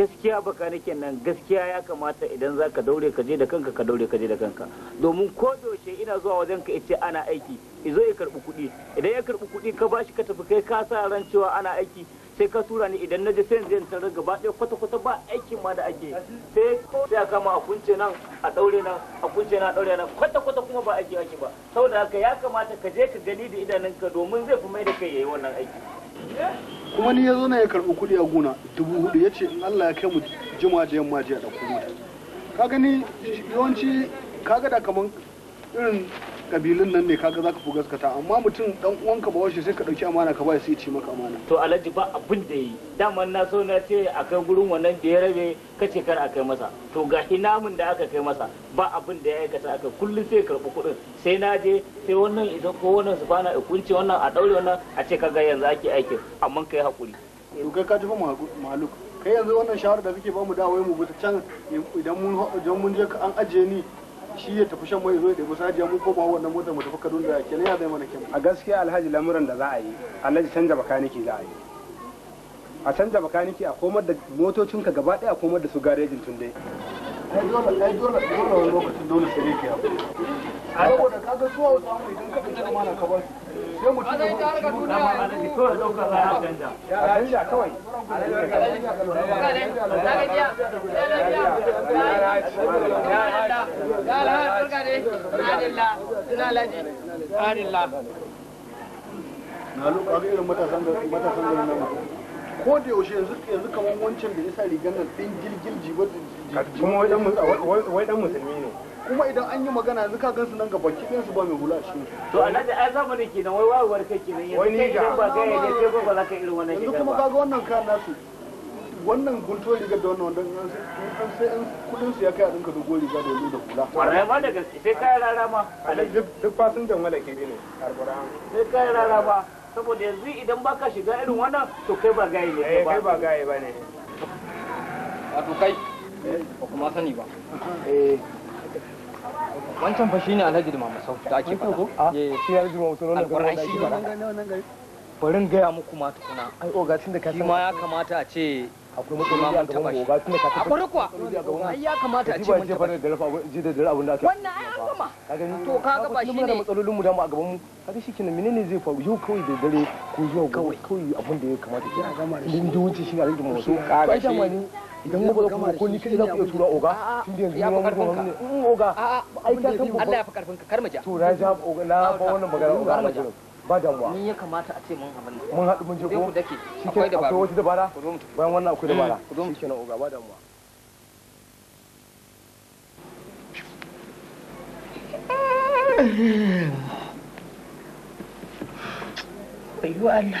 gaskiya baka nake nan gaskiya ya kamata idan za ka daure ka je da kanka ka daure ka je da kanka domin ko yaushe ina zuwa wajen ka ce ana aiki izo ya karbi kuɗi idan ya karbi kuɗi ka bashi ka tafi kai ka sa ran cewa ana aiki sai ka tura ni idan na je sai zan tarar gaba ɗaya kwata kwata ba aikin ma da ake sai sai ya kama a kunce nan a daure nan a kunce nan a daure nan kwata kwata kuma ba aiki aiki ba saboda haka ya kamata ka je ka gani da idanunka domin zai fi mai da kai yayi wannan aiki kuma ni ya zo na ya karɓi kuɗi a gona dubu hudu ya ce Allah ya kai mu jima da yamma jiya da kuma ka gani yawanci ka gada kamar irin kabilun nan ne kaga zaka fi gaskata amma mutum dan uwanka ba washe sai ka dauki amana ka ba sai ce maka amana to alhaji ba abin da yi daman na so na ce a kai gurin wannan da ya rabe kace kar a kai masa to ga namun da aka kai masa ba abin da ya aikata aka kullum sai karbi kuɗin sai na je sai wannan idan ko wannan su bana kunce wannan a daure wannan a ce kaga yanzu ake aikin amma kai hakuri to kai ka tafi maluk kai yanzu wannan shawara da kake ba mu da wai mu bi ta can idan mun je an ajiye ni shi ya tafi shan mai zo da gusa jiya mun koma wannan motar mu tafi Kaduna da ne ya zai mana kin a gaskiya alhaji lamuran da za a yi alhaji canja bakaniki za a yi a canja bakaniki a komar da motocinka gaba daya a komar da su garejin tun tunde ai dole ai dole dole lokacin dole sai ne ke saboda ka ga zuwa wasu amuri idan ka fita amana ka bar sai mutum ya zo shi mun dama a nan kawai ɗaukar za a canja ya canja kawai na lokacin irin matasan garin nan ko da yaushe yanzu yanzu kamar wancan da ya sa rigar nan ɗin gilgil jibar kuma wai dan musulmi ne kuma idan an yi magana yanzu ka gan su nan ga baki ɗin su ba mai hula shi to alhaji ai zamanin kenan wai wayewar kai kenan yanzu kai idan ba ga yaje sai ba ba za ka irin wannan yanzu kuma kaga wannan kayan nasu wannan guntuwar riga da wannan wanda an sai an kudin su ya kai a dinka dogo riga da wani da hula wallahi ma da gaske sai kai rara ma duk fasinjan wala ke ne alquran sai kai rara ma saboda yanzu idan baka shiga irin wannan to kai ba gaye ne eh, ba kai ba gaye ba ne wato kai ba kuma sani ba eh, wancan fa shine alhaji da mamasau da ake fata ko ah, eh shi alhaji nan gari. shi ba barin muku ma tukuna ai tun da ka shi ma ya kamata a ce akwai mutum ma taba shi oga tun da ka taba akwai kuwa ai ya kamata a ce mun taba da rafa ji da abin da wannan ai an gama to ga ba shi ne matsalolin mu da mu a gaban mu kaga shi menene zai faru yau kawai da dare ko zuwa kawai abin da ya kamata shi din wuce shi alhaji shi idan mu ko ni kai za ku iya tura oga yanzu ya fi karfin ka in oga ai ka san Allah ya fi karfin ka kar mu ja to na ja oga na ba wannan magana oga jira ba damuwa ni ya kamata a ce mun abin nan mun haɗu mun je ko akwai dabara akwai wata dabara bayan wannan akwai mm, dabara ku oga ba damuwa Bai Allah.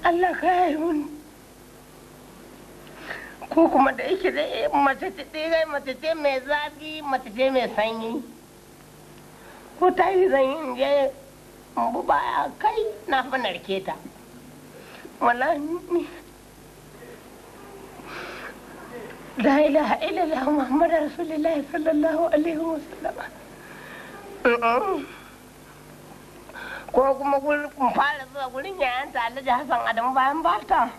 Allah ka wani ko kuma da yake da mace ce ɗaya matace ce mai zafi matace ce mai sanyi ko ta yi zanyi in je in bu baya kai na fi narke ta wallahi la ilaha illallah muhammadu rasulullahi sallallahu alaihi wasallam ko kuma kun fara zuwa gurin ta alhaji hassan adamu bayan bata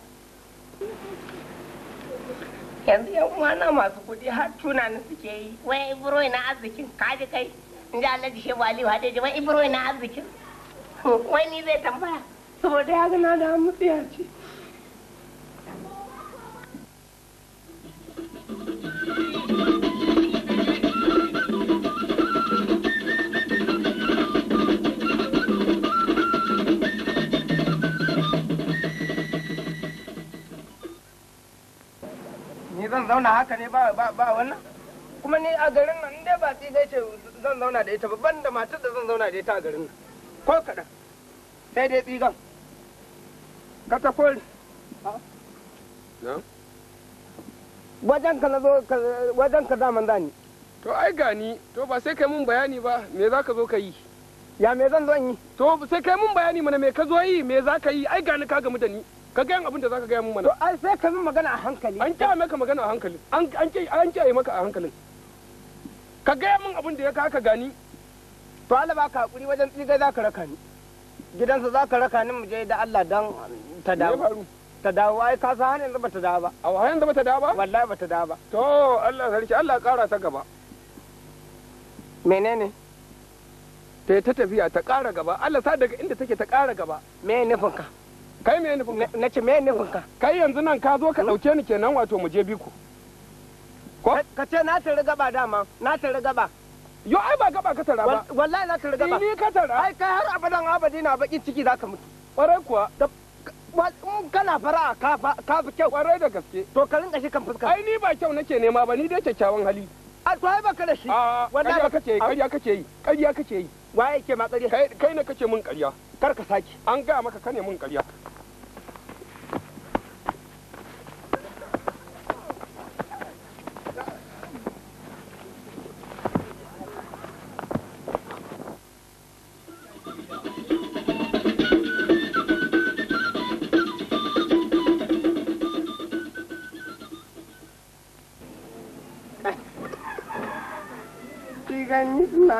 yanzu yan na masu kudi har tunani suke yi wai ibro na arzikin kaji kai in ji alhaji shehu aliyu hadeji wai ibro na arzikin wai ni zai tambaya saboda ya gana da ya yaci Thank you. zan zauna haka ne ba wannan kuma ni a garin nan dai ba tsigai ce zan zauna da ita ba ban matar da zan zauna da ita a garin nan ko kaɗan sai dai tsigan ka ta kori wajen ka na zani to ai gani to ba sai kai mun bayani ba me za ka zo ka yi ya me zan zan yi to sai kai mun bayani mana me ka zo yi me za ka yi ai gani ka gamu da ni ka gaya abin da ka gaya mun mana to ai sai ka min magana a hankali an kiyaye maka magana a hankali an an ai maka a hankalin ka gaya min abin da ya ka gani to Allah ba ka hakuri wajen za ka raka ni gidansa za ka raka ni mu je da Allah dan ta dawo ta dawo ai ka san ba ta dawo ba a wahayin da ta dawo ba wallahi ta dawo ba to Allah sarki Allah kara ta gaba menene ta ta tafiya ta kara gaba Allah sa daga inda take ta kara gaba me nufin ka kai me nufin ka na ce me nufin ka kai yanzu nan ka zo ka dauke ni kenan wato mu je biko ko ka ce na tare gaba dama na tare gaba yo ai ba gaba ka tara ba wallahi na tare gaba ni ka tara ai kai har abadan abadi na bakin ciki zaka mutu kwarai kuwa in kana fara ka fi kyau kwarai da gaske to ka rinka shi kan fuska ai ni ba kyau nake nema ba ni dai kyakkyawan hali a to ai baka da shi wallahi kake yi ƙarya kake yi ƙarya kake yi waye yake ma ƙarya kai ne kake mun ƙarya kar ka saki an ga maka kane mun ƙarya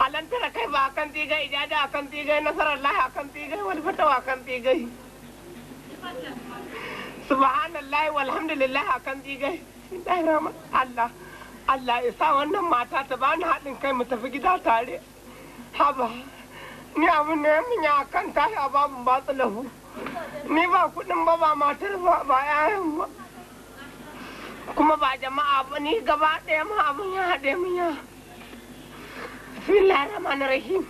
alan tara kai ba a akan tigai ijada kan tigai nasarar lahi akan tigai walfatawa akan tigai subhanallahi walhamdulillah akan tigai dai rama Allah Allah ya sa wannan mata ta bani haɗin kai mu tafi gida tare haba ni abin da ya minya akan tashi a babin batsa lahu ni ba kuɗin ba ba matar ba ba yayan ba kuma ba jama'a ba ni gaba ɗaya ma abin ya haɗe min ya بسم الله الرحمن الرحيم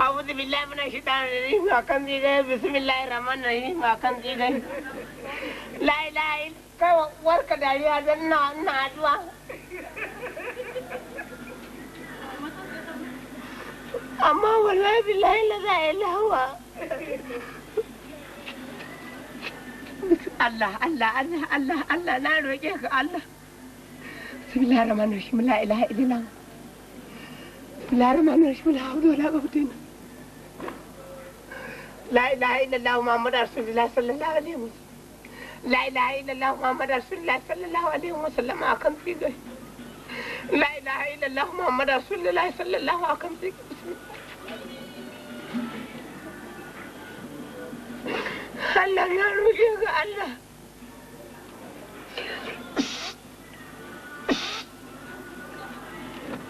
أعوذ بالله من الشيطان الرجيم أكن دي گئے بسم الله الرحمن الرحيم أكن دي گئے لا إله إلا كا ورك داري هذا نا نادوا أما والله بالله لا إله هو الله الله الله الله الله لا نرجع الله بسم الله الرحمن الرحيم لا إله إلا الله بسم الله الرحمن الرحيم لا حول ولا قوة إلا لا إله إلا الله محمد رسول الله صلى الله عليه وسلم لا إله إلا الله محمد رسول الله صلى الله عليه وسلم أكم في غير لا إله إلا الله محمد رسول الله صلى الله أكم في بسم الله الله يا روحي الله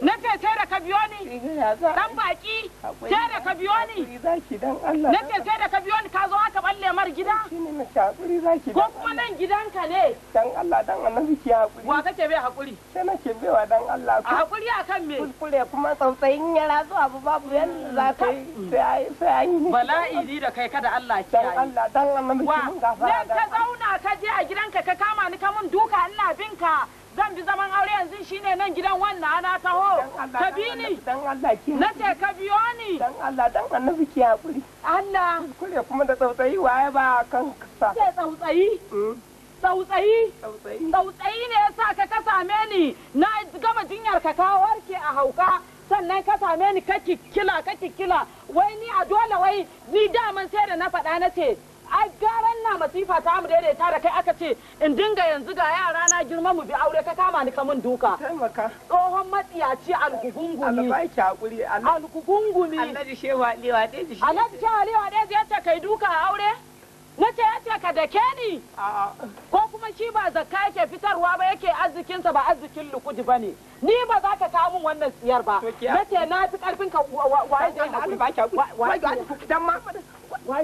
na ce sai da ka biyo ni dan baki sai da ka biyo ni na ce sai da ka biyo ni ka zo aka balle mar gida ko kuma nan gidanka ne dan Allah dan annabi ki hakuri wa kake bai hakuri sai nake baiwa dan Allah a hakuri akan me kuskure kuma tsautsayin yara zuwa ba babu yanda za ka hmm. sai sai an bala'i ni da kai kada Allah ki dan Allah dan annabi ki mun gafara dan ka zauna ka je a gidanka ka kama ni ka mun duka ina binka zan bi zaman aure yanzu shine nan gidan wannan ana taho ka bi ni na ce ka biyo ni dan Allah dan annabi ki hakuri Allah kure kuma da tsautsayi waye ba kan kasa ce hmm? tsautsayi tsautsayi tsautsayi ne yasa ka ka same ni na gama jinyar ka kawo warke a hauka sannan ka same ni ka kikkila ka kikkila wai ni a dole wai ni daman sai da na faɗa na ce ai garan na masifa ta mu daidaita da kai aka ce in dinga yanzu ga yara na girma mu bi aure ka kama ni kamun duka taimaka tsohon matsiyaci algugungumi albaki hakuri algugungumi annabi shewa lewa dai shi annabi shewa lewa dai ya ce kai duka a aure na ce ya ce ka ke ni ko kuma shi ba zakka yake fitarwa ba yake sa ba arzikin lukudi ba ne ni ba za ka kawo min wannan siyar ba na ce na fi karfin ka waye da hakuri dan ma wai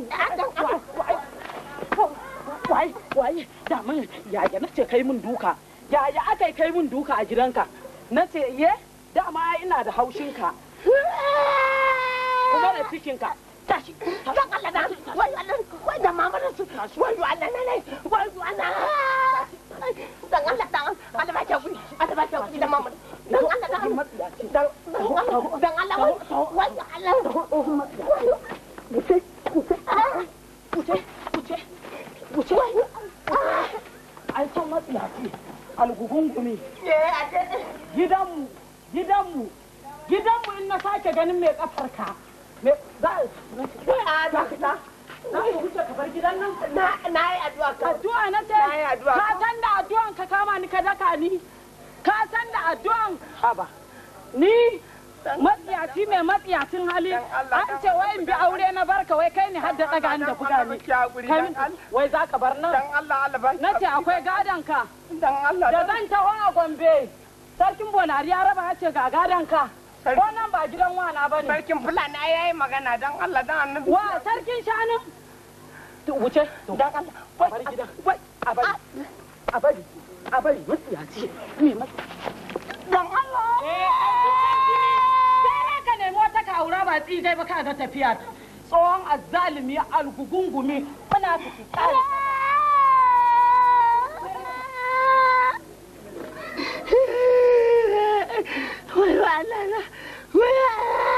wai da mun yaya na ce kai mun duka yaya aka yi kai mun duka a gidanka na ce ye dama ina da haushinka kuma da cikinka tashi don wai wai da mama na su wai ne wai dan Allah dan Allah ba ta ba ta da mama dan Allah dan dan Allah wai Allah wuce wuce can in na sake ganin kafarka na ka na addu'a ka na san da addu'an ka kama ni ka daka ni ka san da addu'an ni matsiyaci mai matsiyacin hali an ce wai in bi aure na barka wai kai ne har da tsaga da buga ni wai za ka bar nan na ce akwai gadon ka da zan taho a gombe sarkin bonari ya raba ce ga gadon ka ko nan ba gidan wana ba ne sarkin fulani ya yi magana don allah don annabi wa sarkin shanin wuce don allah bari gidan ah! a bari a bari matsiyaci mai matsiyaci don allah eh, eh, aura ba tsigai ba kaga tafiya tsohon azalimi algugungumi muna su tsari Wai wa Allah na, wai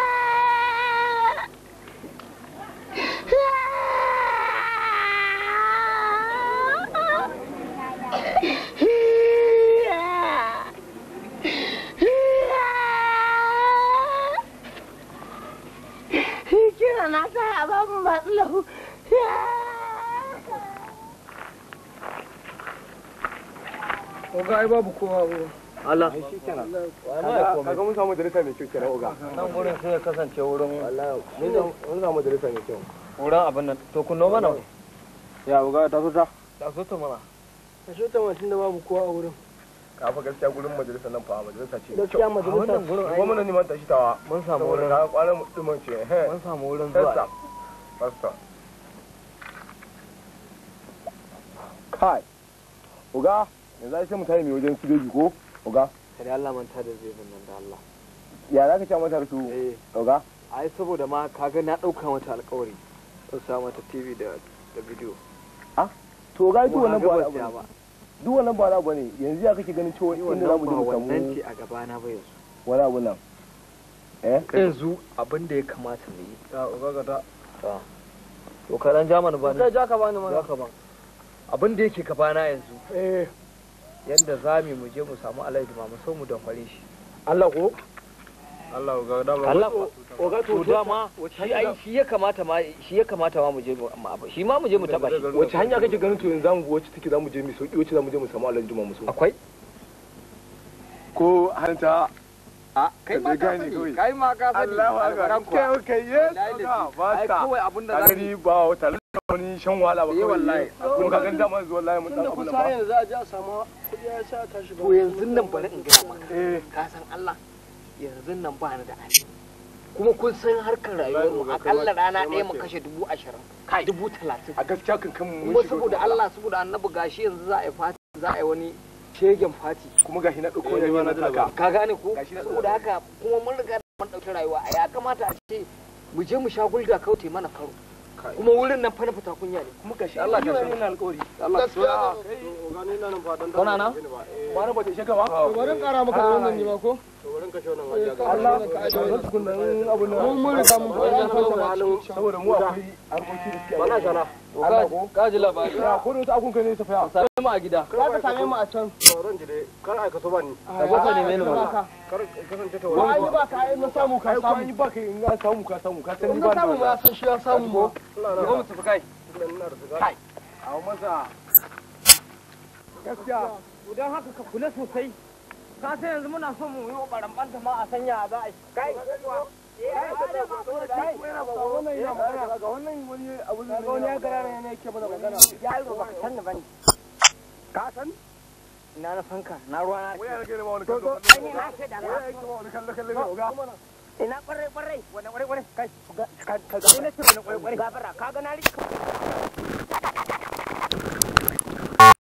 ai babu kowa ba Allah shi kenan ga mun samu darasa mai kyau kenan uga nan gurin sai ya kasance wurin Allah mun samu darasa mai kyau wurin abin nan to kun noma nan ya uga ta zo ta ta zo ta mana ta zo ta mana tunda babu kowa a wurin ka fa gaskiya gurin majalisa nan fa majalisa ce da gaskiya majalisa gurin ai gwamnati man ta shitawa eh. mun samu wurin ka kwarar mutumin ce mun samu wurin zuwa pastor kai uga yanzu ai sai mu tare mai wajen su ko oga kada Allah manta da zai nan da Allah ya za ka ci mata su eh. oga ai saboda ma kaga na dauka mata alƙawari zan sa mata TV da da bidiyo ah to ga duk wannan ba ba duk wannan ba ba ne yanzu ya kake ganin cewa inda za mu je mu samu wannan ce a gaba na ba yanzu wala wala eh yanzu abinda ya kamata mu yi ga to ka dan ba ne ja ka ba ni ka abin da yake yanzu eh yadda za mu mu je mu samu alhaji ma mu so mu dankware shi Allah ko Allah ga dama Allah ko ga to dama shi ai shi ya kamata ma shi ya kamata ma mu je mu amma shi ma mu je mu taba shi wace hanya kake ganin to yanzu zamu wace take zamu je mu sauki wace zamu je mu samu alhaji ma mu so akwai ko hanta kai ma ka sani kai ma ka sani albaran kuwa kai kai yes ba ta kawai abin da za ba wata wani shan wahala ba eh, kawai wallahi kun ka ganda man zuwa wallahi mun dan abin ba yanzu a ji a samu kudi ya sha ta shi yanzu nan bari in ga maka eh. ka san Allah yanzu nan ba ni da hali kuma kun san harkar rayuwar mu akalla rana ɗaya mu kashe dubu ashirin dubu talatin a gaskiya kan mun shigo kuma saboda Allah saboda annabi gashi yanzu za a yi fata za a yi wani shegen fati kuma gashi na ɗauko ya eh, na daga ka gane ko saboda haka kuma mun riga mun ɗauki rayuwa a ya kamata a ce mu je mu sha gulga kaute mana karo kuma wurin nan fa na fita kunya ne kuma gashi Allah ya san ina alƙawari Allah ya san gani nan fadan dan dan ba ne eh. ba ba ne ba ƙara maka wannan ne ba ko Eh, saboda mu akwai da suke ka ji labari ya da akun ne same mu a gida ka same mu a can kar so bani ka ba ka kar kasance ta wani wani ba ka yi na samu ka samu wani ba ka yi na samu ka samu ka san ni ba na samu san shi ya samu mu tafi kai kai a masa gaskiya idan haka ka kula sosai ka san yanzu muna so mu yi wa banta ma a sanya a san na na ka ga ka ga na